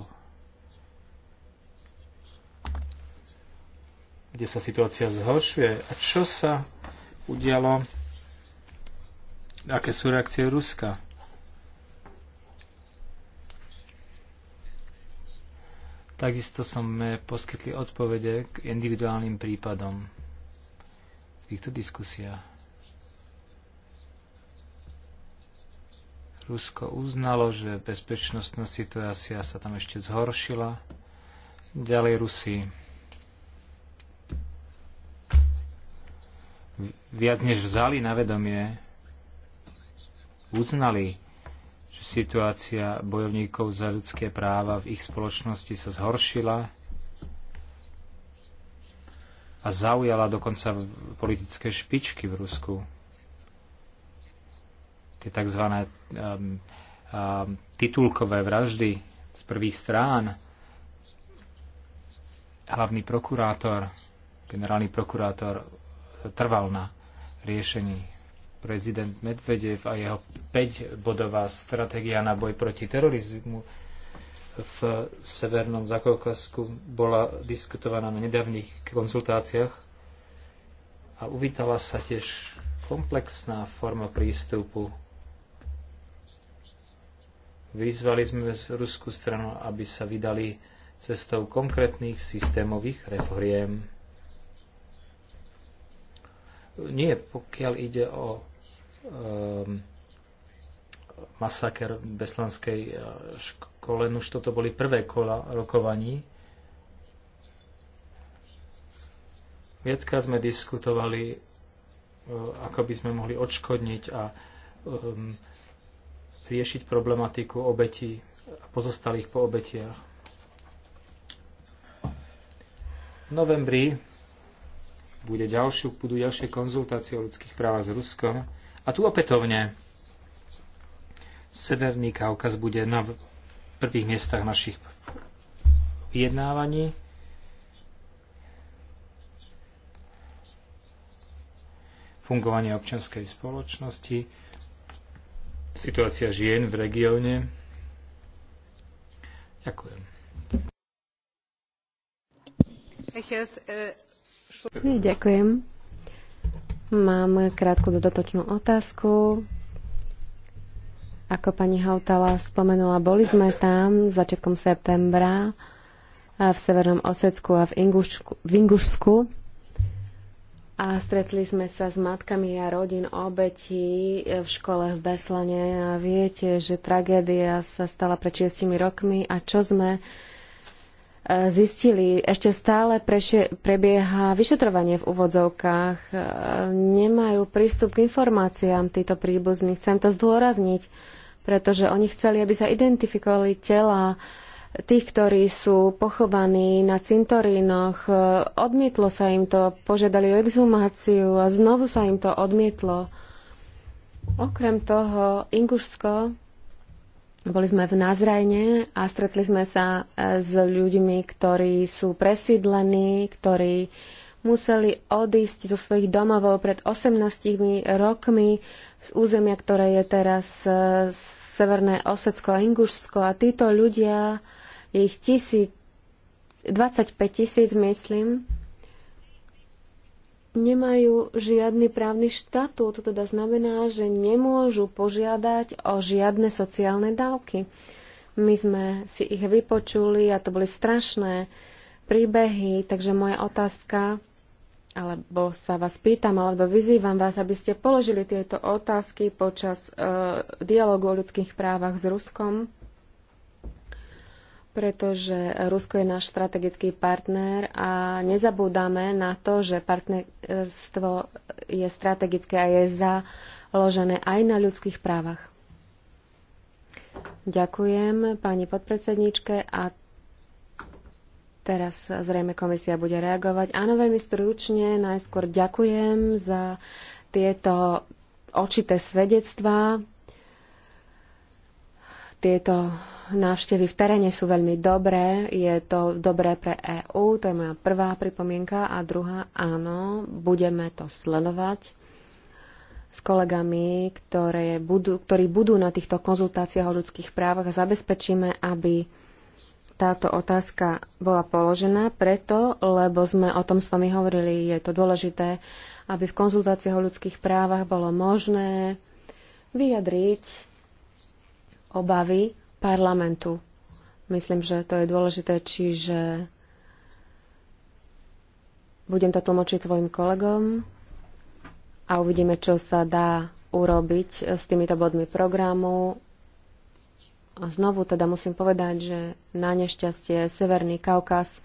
kde sa situácia zhoršuje. A čo sa udialo? aké sú reakcie Ruska. Takisto sme poskytli odpovede k individuálnym prípadom v týchto diskusiách. Rusko uznalo, že bezpečnostná situácia sa tam ešte zhoršila. Ďalej Rusi viac než vzali na vedomie uznali, že situácia bojovníkov za ľudské práva v ich spoločnosti sa zhoršila a zaujala dokonca politické špičky v Rusku. Tie tzv. Um, um, titulkové vraždy z prvých strán. Hlavný prokurátor, generálny prokurátor trval na riešení prezident Medvedev a jeho 5-bodová stratégia na boj proti terorizmu v Severnom Zakolkasku bola diskutovaná na nedávnych konzultáciách a uvítala sa tiež komplexná forma prístupu. Vyzvali sme z ruskú stranu, aby sa vydali cestou konkrétnych systémových reforiem nie pokiaľ ide o um, masaker v Beslanskej e, škole, no už toto boli prvé kola rokovaní. Viackrát sme diskutovali, e, ako by sme mohli odškodniť a um, riešiť problematiku obetí a pozostalých po obetiach. V novembri bude ďalšiu, budú ďalšie konzultácie o ľudských právach s Ruskom. A tu opätovne Severný Kaukaz bude na prvých miestach našich vyjednávaní. fungovanie občianskej spoločnosti, situácia žien v regióne. Ďakujem. Ďakujem. Mám krátku dodatočnú otázku. Ako pani Hautala spomenula, boli sme tam začiatkom septembra v Severnom Osecku a v Ingušku, v Ingušsku a stretli sme sa s matkami a rodín obetí v škole v Beslane a viete, že tragédia sa stala pred 6 rokmi a čo sme zistili, ešte stále prebieha vyšetrovanie v úvodzovkách. E, nemajú prístup k informáciám títo príbuzní. Chcem to zdôrazniť, pretože oni chceli, aby sa identifikovali tela tých, ktorí sú pochovaní na cintorínoch. E, odmietlo sa im to, požiadali o exhumáciu a znovu sa im to odmietlo. Okrem toho, Ingušsko boli sme v Nazrajne a stretli sme sa e, s ľuďmi, ktorí sú presídlení, ktorí museli odísť zo svojich domovov pred 18 rokmi z územia, ktoré je teraz e, Severné Osecko a Ingušsko. A títo ľudia, ich tisíc, 25 tisíc, myslím, nemajú žiadny právny štatút. To teda znamená, že nemôžu požiadať o žiadne sociálne dávky. My sme si ich vypočuli a to boli strašné príbehy, takže moja otázka, alebo sa vás pýtam, alebo vyzývam vás, aby ste položili tieto otázky počas e, dialogu o ľudských právach s Ruskom pretože Rusko je náš strategický partner a nezabúdame na to, že partnerstvo je strategické a je založené aj na ľudských právach. Ďakujem pani podpredsedničke a teraz zrejme komisia bude reagovať. Áno, veľmi stručne, najskôr ďakujem za tieto očité svedectvá tieto návštevy v teréne sú veľmi dobré, je to dobré pre EÚ, to je moja prvá pripomienka a druhá, áno, budeme to sledovať s kolegami, ktoré budú, ktorí budú na týchto konzultáciách o ľudských právach a zabezpečíme, aby táto otázka bola položená preto, lebo sme o tom s vami hovorili, je to dôležité, aby v konzultáciách o ľudských právach bolo možné vyjadriť obavy parlamentu. Myslím, že to je dôležité, čiže budem to tlmočiť svojim kolegom a uvidíme, čo sa dá urobiť s týmito bodmi programu. A znovu teda musím povedať, že na nešťastie Severný Kaukaz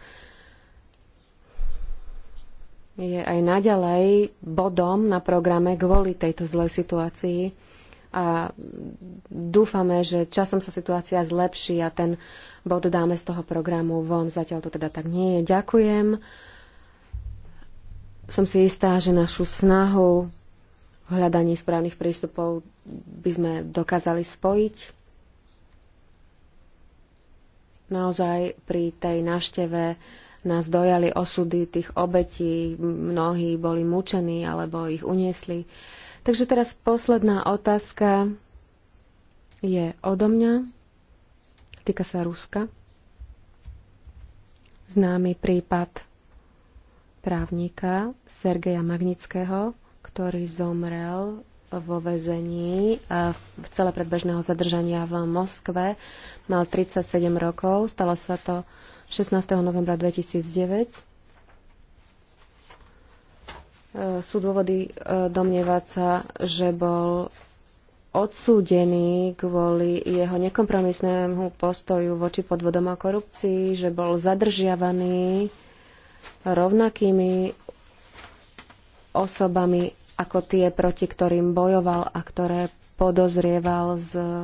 je aj naďalej bodom na programe kvôli tejto zlej situácii a dúfame, že časom sa situácia zlepší a ten bod dáme z toho programu von. Zatiaľ to teda tak nie je. Ďakujem. Som si istá, že našu snahu v hľadaní správnych prístupov by sme dokázali spojiť. Naozaj pri tej návšteve nás dojali osudy tých obetí, mnohí boli mučení alebo ich uniesli. Uh, Takže teraz posledná otázka je odo mňa. Týka sa Ruska. Známy prípad právnika Sergeja Magnického, ktorý zomrel vo vezení v celé predbežného zadržania v Moskve. Mal 37 rokov, stalo sa to 16. novembra 2009 Eh, sú dôvody eh, domnievať sa, že bol odsúdený kvôli jeho nekompromisnému postoju voči podvodom a korupcii, že bol zadržiavaný rovnakými osobami ako tie, proti ktorým bojoval a ktoré podozrieval z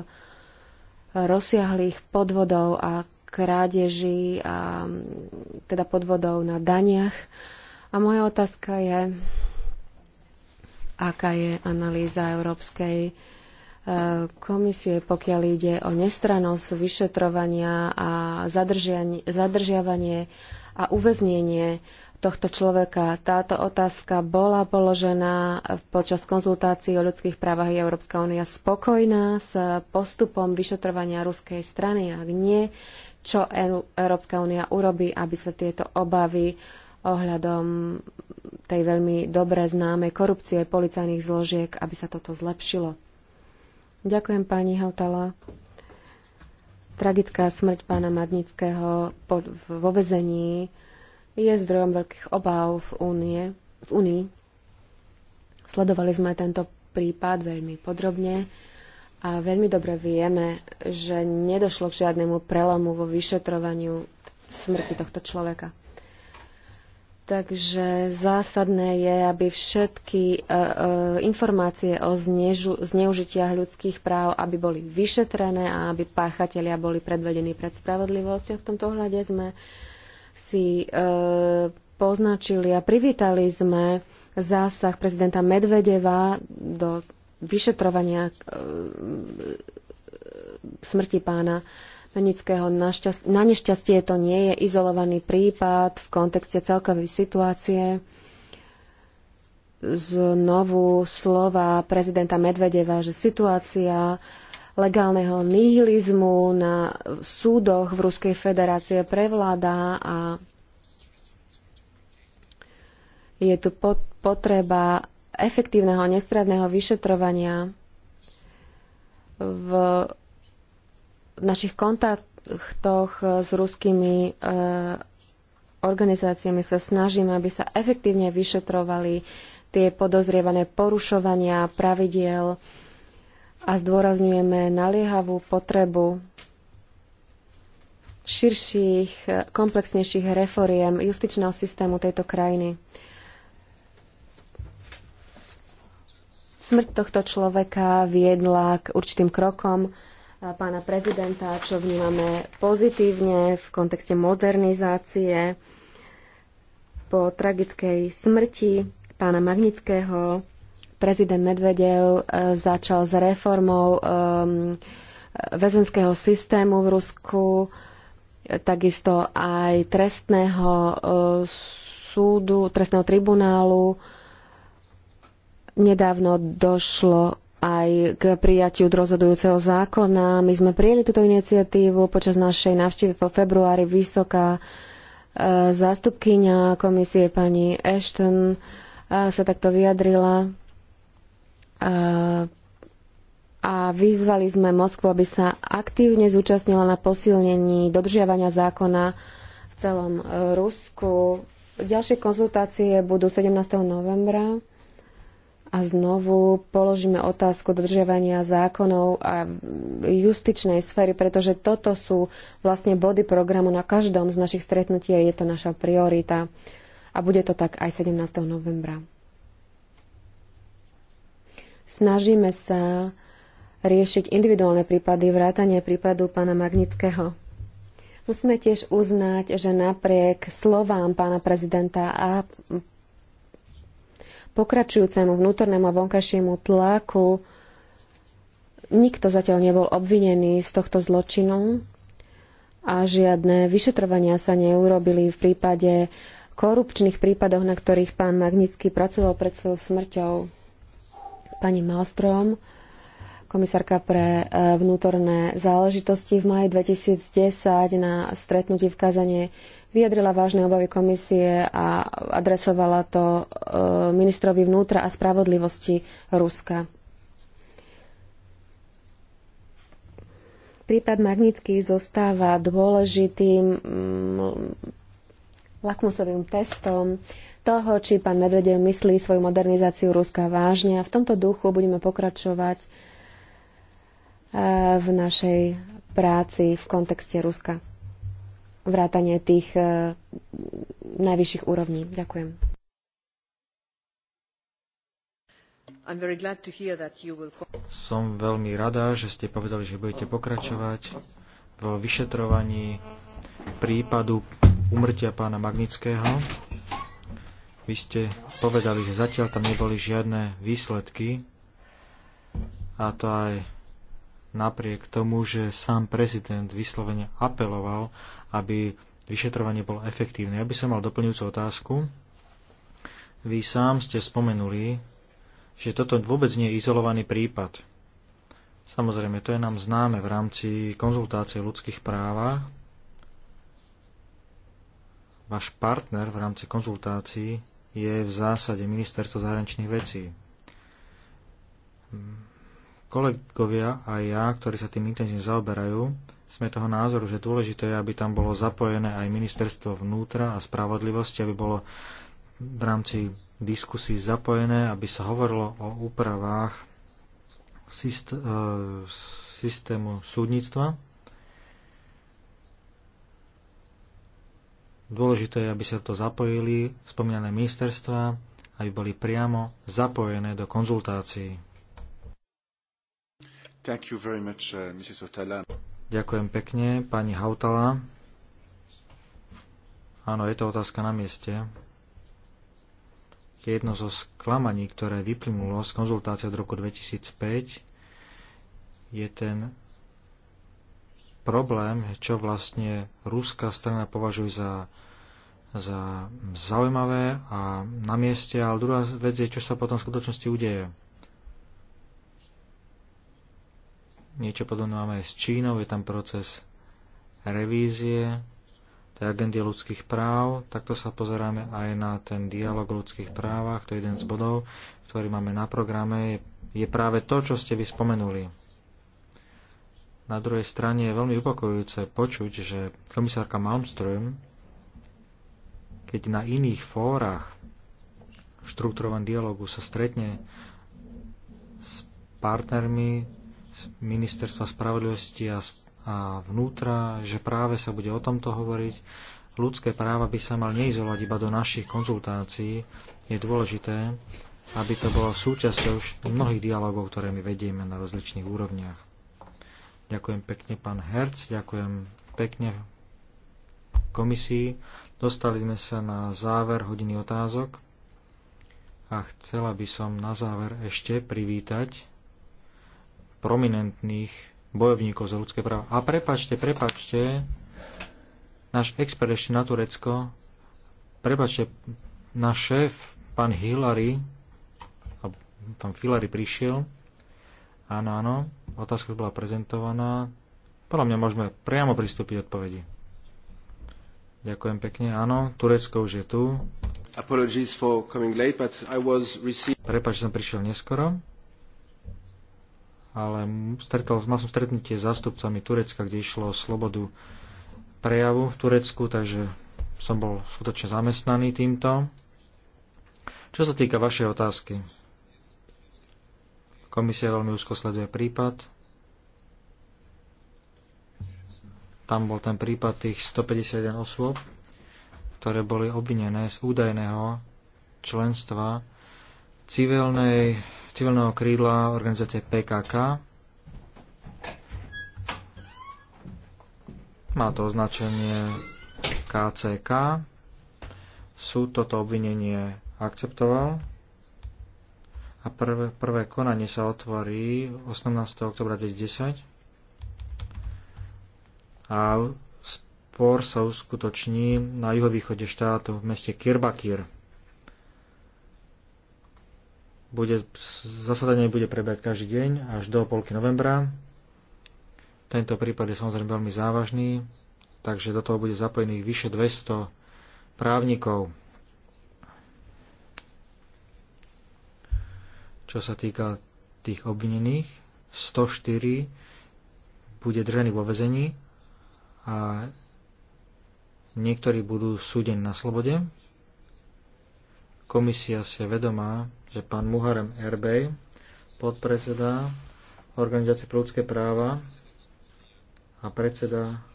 rozsiahlých podvodov a krádeží a mm, teda podvodov na daniach. Uh, a moja otázka je, aká je analýza Európskej e, komisie, pokiaľ ide o nestrannosť vyšetrovania a zadržiavanie a uväznenie tohto človeka. Táto otázka bola položená počas konzultácií o ľudských právach. Je Európska únia spokojná s postupom vyšetrovania ruskej strany? Ak nie, čo Európska únia urobí, aby sa tieto obavy ohľadom tej veľmi dobre známej korupcie policajných zložiek, aby sa toto zlepšilo. Ďakujem pani Hautala. Tragická smrť pána Madnického vo vezení je zdrojom veľkých obáv v, únie, v Únii. Sledovali sme tento prípad veľmi podrobne a veľmi dobre vieme, že nedošlo k žiadnemu prelomu vo vyšetrovaniu smrti tohto človeka. Takže zásadné je, aby všetky e, e, informácie o znežu, zneužitiach ľudských práv, aby boli vyšetrené a aby páchatelia boli predvedení pred spravodlivosťou. V tomto ohľade sme si e, poznačili a privítali sme zásah prezidenta Medvedeva do vyšetrovania e, smrti pána Menického. Na nešťastie to nie je izolovaný prípad v kontexte celkovej situácie. Znovu slova prezidenta Medvedeva, že situácia legálneho nihilizmu na súdoch v Ruskej federácie prevládá a je tu potreba efektívneho nestradného vyšetrovania v v našich kontaktoch eh, s ruskými eh, organizáciami sa snažíme, aby sa efektívne vyšetrovali tie podozrievané porušovania pravidiel a zdôrazňujeme naliehavú potrebu širších, eh, komplexnejších reforiem justičného systému tejto krajiny. Smrť tohto človeka viedla k určitým krokom, pána prezidenta, čo vnímame pozitívne v kontexte modernizácie po tragickej smrti pána Magnického. Prezident Medvedev e, začal s reformou e, väzenského systému v Rusku, takisto aj trestného e, súdu, trestného tribunálu. Nedávno došlo aj k prijatiu rozhodujúceho zákona. My sme prijeli túto iniciatívu počas našej návštevy po februári. Vysoká e, zástupkyňa komisie pani Ashton e, sa takto vyjadrila e, a vyzvali sme Moskvu, aby sa aktívne zúčastnila na posilnení dodržiavania zákona v celom Rusku. Ďalšie konzultácie budú 17. novembra a znovu položíme otázku dodržiavania zákonov a justičnej sféry, pretože toto sú vlastne body programu na každom z našich stretnutí a je to naša priorita. A bude to tak aj 17. novembra. Snažíme sa riešiť individuálne prípady, vrátanie prípadu pána Magnického. Musíme tiež uznať, že napriek slovám pána prezidenta a pokračujúcemu vnútornému a vonkajšiemu tlaku nikto zatiaľ nebol obvinený z tohto zločinu a žiadne vyšetrovania sa neurobili v prípade korupčných prípadoch, na ktorých pán Magnický pracoval pred svojou smrťou. Pani Malstrom, komisárka pre e, vnútorné záležitosti v maji 2010 na stretnutí v Kazanie vyjadrila vážne obavy komisie a adresovala to e, ministrovi vnútra a spravodlivosti Ruska. Prípad Magnitsky zostáva dôležitým mm, lakmusovým testom toho, či pán Medvedev myslí svoju modernizáciu Ruska vážne. A v tomto duchu budeme pokračovať e, v našej práci v kontexte Ruska vrátanie tých e, najvyšších úrovní. Ďakujem. Som veľmi rada, že ste povedali, že budete pokračovať vo vyšetrovaní prípadu umrtia pána Magnického. Vy ste povedali, že zatiaľ tam neboli žiadne výsledky a to aj napriek tomu, že sám prezident vyslovene apeloval, aby vyšetrovanie bolo efektívne. Ja by som mal doplňujúcu otázku. Vy sám ste spomenuli, že toto vôbec nie je izolovaný prípad. Samozrejme, to je nám známe v rámci konzultácie ľudských právach. Váš partner v rámci konzultácií je v zásade ministerstvo zahraničných vecí Kolegovia a ja, ktorí sa tým intenzívne zaoberajú, sme toho názoru, že dôležité je, aby tam bolo zapojené aj ministerstvo vnútra a spravodlivosti, aby bolo v rámci diskusí zapojené, aby sa hovorilo o úpravách e, systému súdnictva. Dôležité je, aby sa to zapojili spomínané ministerstva, aby boli priamo zapojené do konzultácií. Thank you very much, uh, Mrs. Ďakujem pekne, pani Hautala. Áno, je to otázka na mieste. Je jedno zo sklamaní, ktoré vyplynulo z konzultácie od roku 2005, je ten problém, čo vlastne ruská strana považuje za, za zaujímavé a na mieste, ale druhá vec je, čo sa potom v skutočnosti udeje. Niečo podobné máme aj s Čínou, je tam proces revízie tej agendy ľudských práv. Takto sa pozeráme aj na ten dialog o ľudských právach. To je jeden z bodov, ktorý máme na programe. Je, práve to, čo ste vyspomenuli. Na druhej strane je veľmi upokojujúce počuť, že komisárka Malmström, keď na iných fórach v štruktúrovanom dialogu sa stretne s partnermi ministerstva spravodlivosti a, a vnútra, že práve sa bude o tomto hovoriť. Ľudské práva by sa mal neizolovať iba do našich konzultácií. Je dôležité, aby to bolo súčasťou už mnohých dialogov, ktoré my vedieme na rozličných úrovniach. Ďakujem pekne pán Herc, ďakujem pekne komisii. Dostali sme sa na záver hodiny otázok a chcela by som na záver ešte privítať prominentných bojovníkov za ľudské práva. A prepačte, prepačte, náš expert ešte na Turecko, prepačte, náš šéf, pán Hillary, pán Hillary prišiel, áno, áno, otázka bola prezentovaná, podľa mňa môžeme priamo pristúpiť odpovedi. Ďakujem pekne, áno, Turecko už je tu. Apologies for coming late, but I was received... Prepač, som prišiel neskoro ale stretol, mal som stretnutie s zástupcami Turecka, kde išlo o slobodu prejavu v Turecku, takže som bol skutočne zamestnaný týmto. Čo sa týka vašej otázky, komisia veľmi úzko sleduje prípad. Tam bol ten prípad tých 151 osôb, ktoré boli obvinené z údajného členstva civilnej civilného krídla organizácie PKK. Má to označenie KCK. Súd toto obvinenie akceptoval a prvé, prvé konanie sa otvorí 18. oktobra 2010 a spor sa uskutoční na juhovýchode štátu v meste Kirbakir bude, zasadanie bude prebiehať každý deň až do polky novembra. Tento prípad je samozrejme veľmi závažný, takže do toho bude zapojených vyše 200 právnikov. Čo sa týka tých obvinených, 104 bude držený vo vezení a niektorí budú súdení na slobode. Komisia si je vedomá, že pán Muharem Erbej, podpredseda Organizácie pre ľudské práva a predseda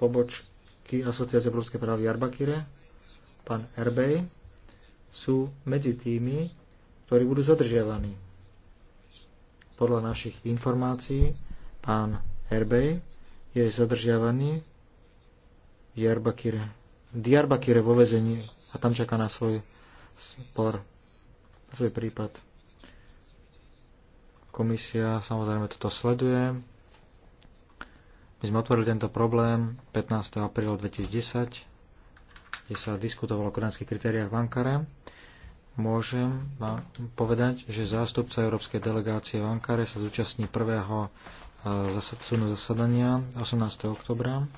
pobočky Asociácie pre ľudské práva v Jarbakire, pán Erbej, sú medzi tými, ktorí budú zadržiavaní. Podľa našich informácií pán Erbej je zadržiavaný v Jarbakire Diarbakire vo vezení a tam čaká na svoj spor, na svoj prípad. Komisia samozrejme toto sleduje. My sme otvorili tento problém 15. apríla 2010, kde sa diskutovalo o koránskych kritériách v Ankare. Môžem vám povedať, že zástupca Európskej delegácie v Ankare sa zúčastní prvého eh, zasadania 18. oktobra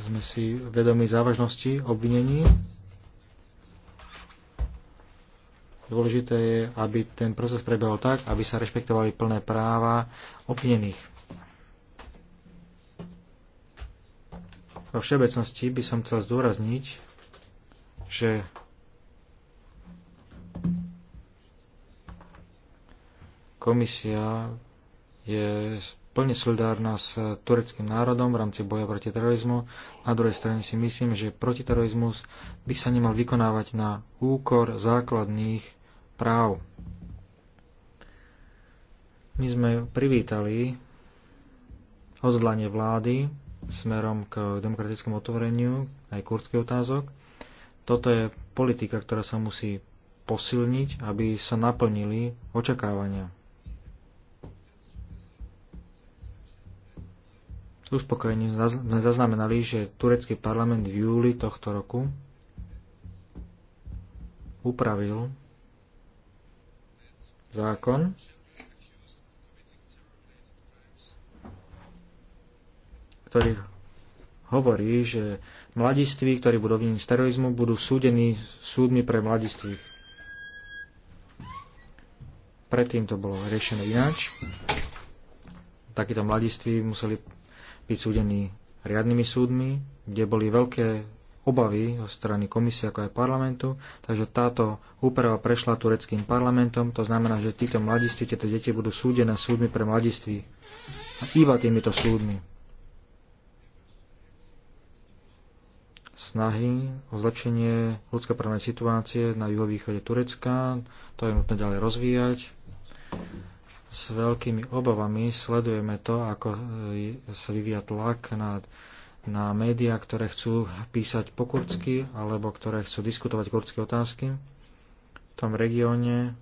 sme si vedomi závažnosti obvinení. Dôležité je, aby ten proces prebehol tak, aby sa rešpektovali plné práva obvinených. Vo všeobecnosti by som chcel zdôrazniť, že komisia je plne solidárna s tureckým národom v rámci boja proti terorizmu. Na druhej strane si myslím, že protiterorizmus by sa nemal vykonávať na úkor základných práv. My sme privítali odvolanie vlády smerom k demokratickému otvoreniu aj kurdský otázok. Toto je politika, ktorá sa musí posilniť, aby sa naplnili očakávania. uspokojením sme zaznamenali, že turecký parlament v júli tohto roku upravil zákon, ktorý hovorí, že mladiství, ktorí budú obvinení z terorizmu, budú súdení súdmi pre mladiství. Predtým to bolo riešené ináč. Takíto mladiství museli byť súdení riadnymi súdmi, kde boli veľké obavy zo strany komisie ako aj parlamentu, takže táto úprava prešla tureckým parlamentom, to znamená, že títo mladiství, tieto deti budú súdené súdmi pre mladiství. A iba týmito súdmi. Snahy o zlepšenie ľudskoprávnej situácie na juhovýchode Turecka, to je nutné ďalej rozvíjať s veľkými obavami sledujeme to, ako e, sa vyvíja tlak na, na médiá, ktoré chcú písať po kurdsky alebo ktoré chcú diskutovať kurdské otázky. V tom regióne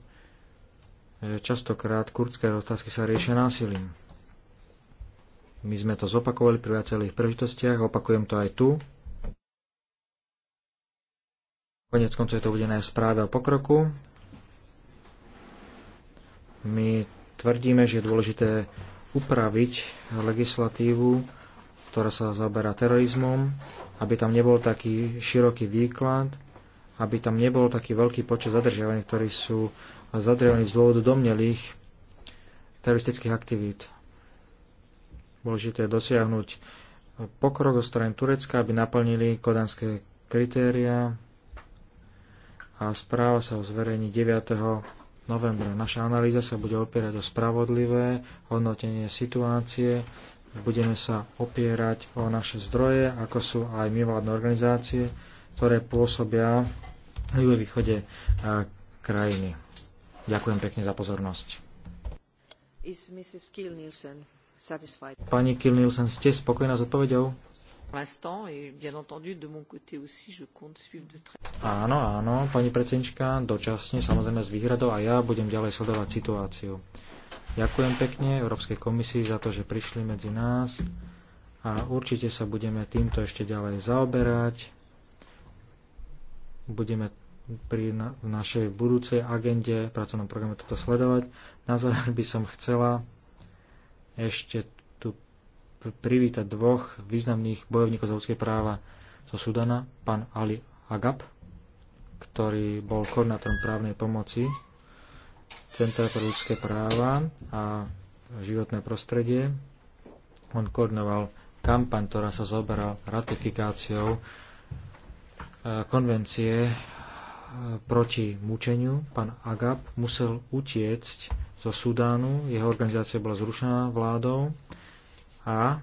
e, častokrát kurdské otázky sa riešia násilím. My sme to zopakovali pri viacerých príležitostiach, opakujem to aj tu. Konec koncov je to uvedené v správe o pokroku. My tvrdíme, že je dôležité upraviť legislatívu, ktorá sa zaoberá terorizmom, aby tam nebol taký široký výklad, aby tam nebol taký veľký počet zadržiavaní, ktorí sú zadržiavaní z dôvodu domnelých teroristických aktivít. Dôležité je dosiahnuť pokrok zo strany Turecka, aby naplnili kodanské kritéria a správa sa o zverejní 9 novembra. Naša analýza sa bude opierať o spravodlivé hodnotenie situácie, budeme sa opierať o naše zdroje, ako sú aj mimovládne organizácie, ktoré pôsobia na východe e, krajiny. Ďakujem pekne za pozornosť. Pani Kill ste spokojná s odpovedou? Áno, áno, pani predsednička, dočasne, samozrejme s výhradou a ja budem ďalej sledovať situáciu. Ďakujem pekne Európskej komisii za to, že prišli medzi nás a určite sa budeme týmto ešte ďalej zaoberať. Budeme pri na, našej budúcej agende, pracovnom programe toto sledovať. Na záver by som chcela ešte privítať dvoch významných bojovníkov za ľudské práva zo Sudana, pán Ali Agab, ktorý bol koordinátorom právnej pomoci Centra pre ľudské práva a životné prostredie. On koordinoval kampaň, ktorá sa zoberala ratifikáciou e, konvencie e, proti mučeniu. Pán Agab musel utiecť zo Sudánu, jeho organizácia bola zrušená vládou a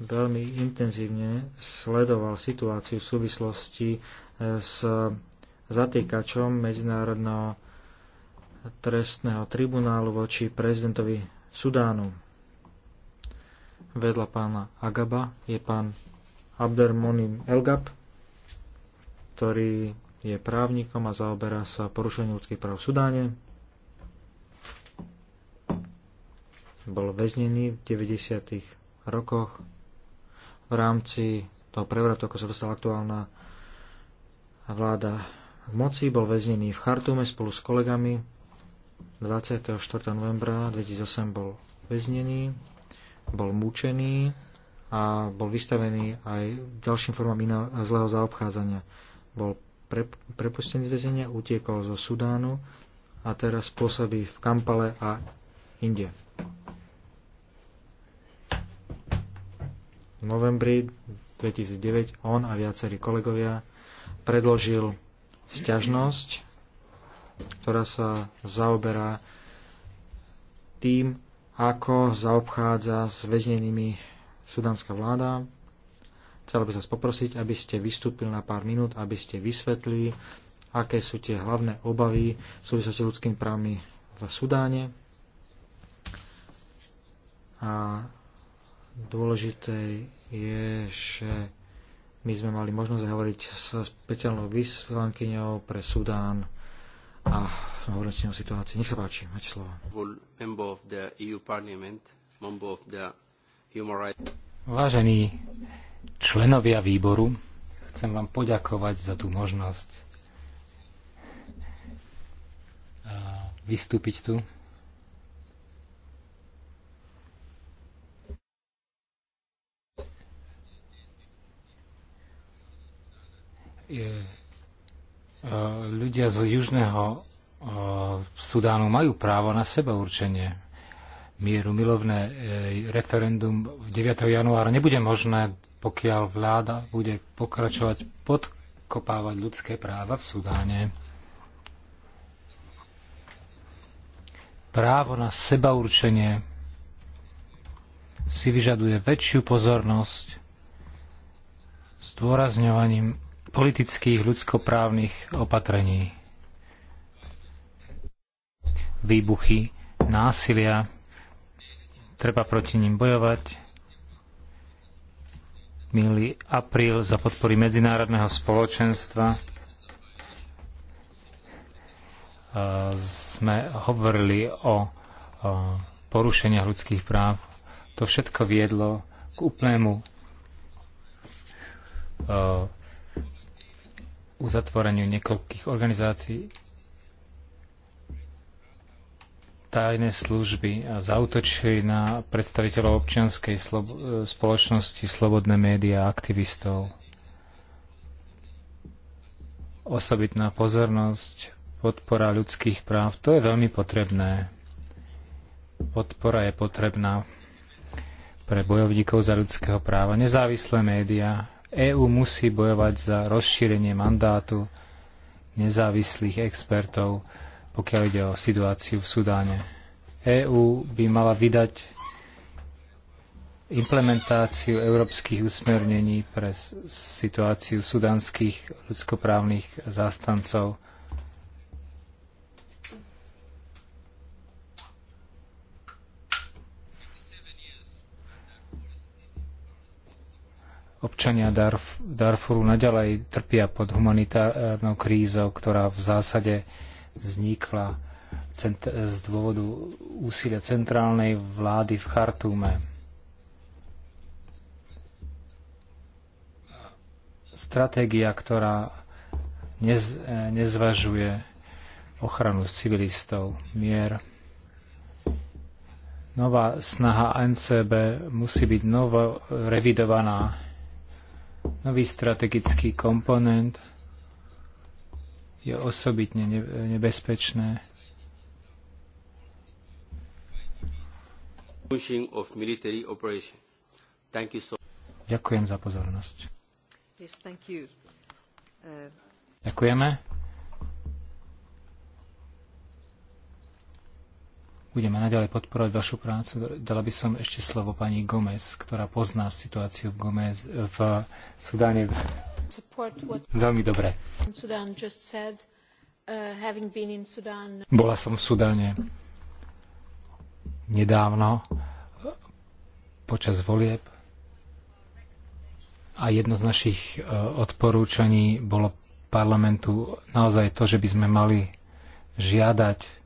veľmi intenzívne sledoval situáciu v súvislosti e, s zatýkačom Medzinárodného trestného tribunálu voči prezidentovi Sudánu. Vedľa pána Agaba je pán Abdermonim Elgab, ktorý je právnikom a zaoberá sa porušením ľudských práv v Sudáne. bol väznený v 90. rokoch v rámci toho prevratu, ako sa dostala aktuálna vláda k moci, bol väznený v Chartume spolu s kolegami. 24. novembra 2008 bol väznený, bol mučený a bol vystavený aj ďalším formám zlého zaobchádzania. Bol pre, prepustený z väzenia, utiekol zo Sudánu a teraz pôsobí v Kampale a inde. V novembri 2009 on a viacerí kolegovia predložil sťažnosť, ktorá sa zaoberá tým, ako zaobchádza s väznenými sudanská vláda. Chcel by sa poprosiť, aby ste vystúpili na pár minút, aby ste vysvetlili, aké sú tie hlavné obavy v súvislosti s ľudskými právmi v Sudáne a dôležité je, že my sme mali možnosť hovoriť s špeciálnou vyslankyňou pre Sudán a hovorili s ňou situácii. Nech sa páči, máte slovo. E Vážení členovia výboru, chcem vám poďakovať za tú možnosť vystúpiť tu Eh, ľudia z južného eh, Sudánu majú právo na seba určenie. Mieru milovné eh, referendum 9. januára nebude možné, pokiaľ vláda bude pokračovať podkopávať ľudské práva v Sudáne. Právo na seba určenie si vyžaduje väčšiu pozornosť s dôrazňovaním politických ľudskoprávnych opatrení. Výbuchy násilia, treba proti ním bojovať. Milý apríl za podpory medzinárodného spoločenstva e, sme hovorili o porušeniach ľudských práv. To všetko viedlo k úplnému e, uzatvoreniu niekoľkých organizácií tajné služby a zautočili na predstaviteľov občianskej slob- e, spoločnosti, slobodné médiá, aktivistov. Osobitná pozornosť, podpora ľudských práv, to je veľmi potrebné. Podpora je potrebná pre bojovníkov za ľudského práva, nezávislé médiá, EÚ musí bojovať za rozšírenie mandátu nezávislých expertov, pokiaľ ide o situáciu v Sudáne. EÚ by mala vydať implementáciu európskych usmernení pre situáciu sudánskych ľudskoprávnych zástancov Občania Darf- Darfuru naďalej trpia pod humanitárnou krízou, ktorá v zásade vznikla z dôvodu úsilia centrálnej vlády v Chartúme. Stratégia, ktorá nez- nezvažuje ochranu civilistov, mier. Nová snaha NCB musí byť novo revidovaná Nový strategický komponent je osobitne nebezpečné. Ďakujem za pozornosť. Yes, uh, Ďakujeme. Budeme naďalej podporovať vašu prácu. Dala by som ešte slovo pani Gomez, ktorá pozná situáciu v, Gomez, v Sudáne. Veľmi dobre. Uh, Bola som v Sudáne nedávno počas volieb a jedno z našich uh, odporúčaní bolo parlamentu naozaj to, že by sme mali žiadať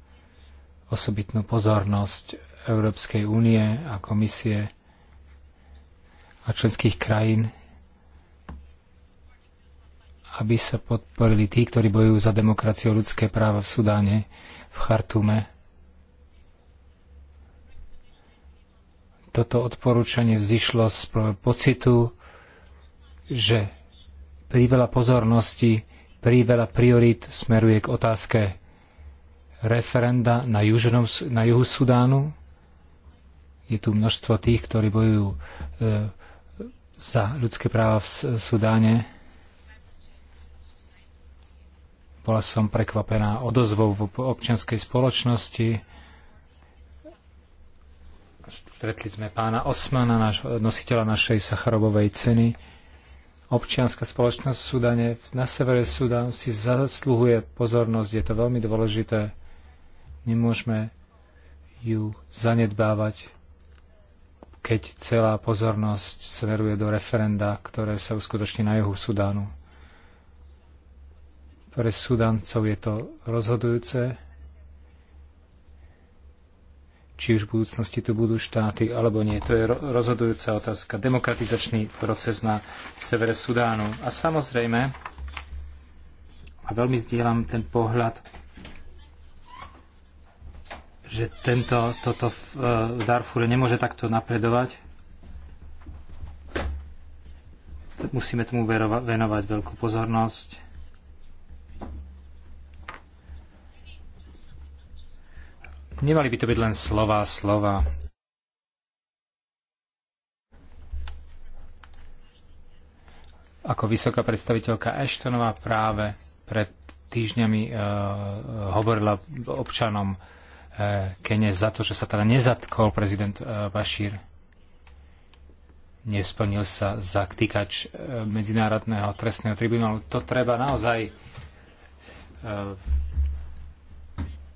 osobitnú pozornosť Európskej únie a komisie a členských krajín, aby sa podporili tí, ktorí bojujú za demokraciu a ľudské práva v Sudáne, v Chartume. Toto odporúčanie vzýšlo z pocitu, že pri veľa pozornosti, pri veľa priorít smeruje k otázke referenda na, južnom, na juhu Sudánu. Je tu množstvo tých, ktorí bojujú e, za ľudské práva v Sudáne. Bola som prekvapená odozvou v občianskej spoločnosti. Stretli sme pána Osmana, naš, nositeľa našej sacharobovej ceny. Občianská spoločnosť v Sudane, na severe Sudánu si zasluhuje pozornosť, je to veľmi dôležité Nemôžeme ju zanedbávať, keď celá pozornosť smeruje do referenda, ktoré sa uskutoční na juhu Sudánu. Pre Sudáncov je to rozhodujúce, či už v budúcnosti tu budú štáty alebo nie. To je rozhodujúca otázka. Demokratizačný proces na severe Sudánu. A samozrejme, a veľmi zdieľam ten pohľad, že tento, toto v eh, Darfure nemôže takto napredovať. Musíme tomu venovať veľkú pozornosť. Nemali by to byť len slova, slova. Ako vysoká predstaviteľka Ashtonová práve pred týždňami uh, hovorila občanom Eh, Kene za to, že sa teda nezatkol prezident eh, Bašír. Nevsplnil sa za ktýkač eh, Medzinárodného trestného tribunálu. To treba naozaj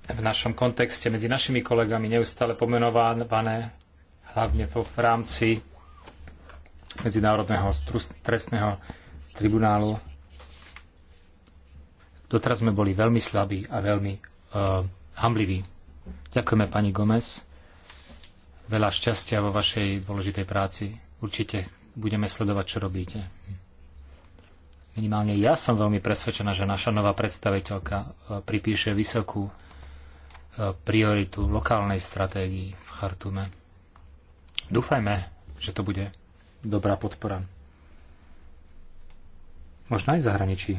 v našom kontexte medzi našimi kolegami neustále pomenované, hlavne v rámci Medzinárodného trestného tribunálu. Doteraz sme boli veľmi slabí a veľmi uh, hamliví. Ďakujeme, pani Gomez. Veľa šťastia vo vašej dôležitej práci. Určite budeme sledovať, čo robíte. Minimálne ja som veľmi presvedčená, že naša nová predstaviteľka e, pripíše vysokú e, prioritu lokálnej stratégii v Chartume. Dúfajme, že to bude dobrá podpora. Možno aj v zahraničí.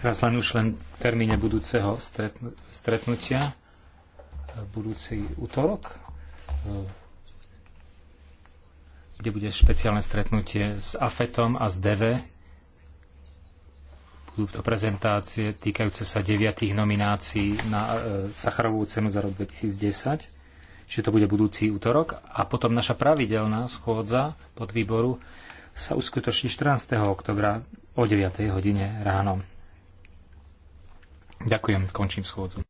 Teraz len už len v termíne budúceho stretnutia, e, budúci útorok, e, kde bude špeciálne stretnutie s AFETom a s DV. Budú to prezentácie týkajúce sa deviatých nominácií na e, Sacharovú cenu za rok 2010 čiže to bude budúci útorok. A potom naša pravidelná schôdza pod výboru sa uskutoční 14. oktobra o 9. hodine ráno. Ďakujem, končím schôdzu.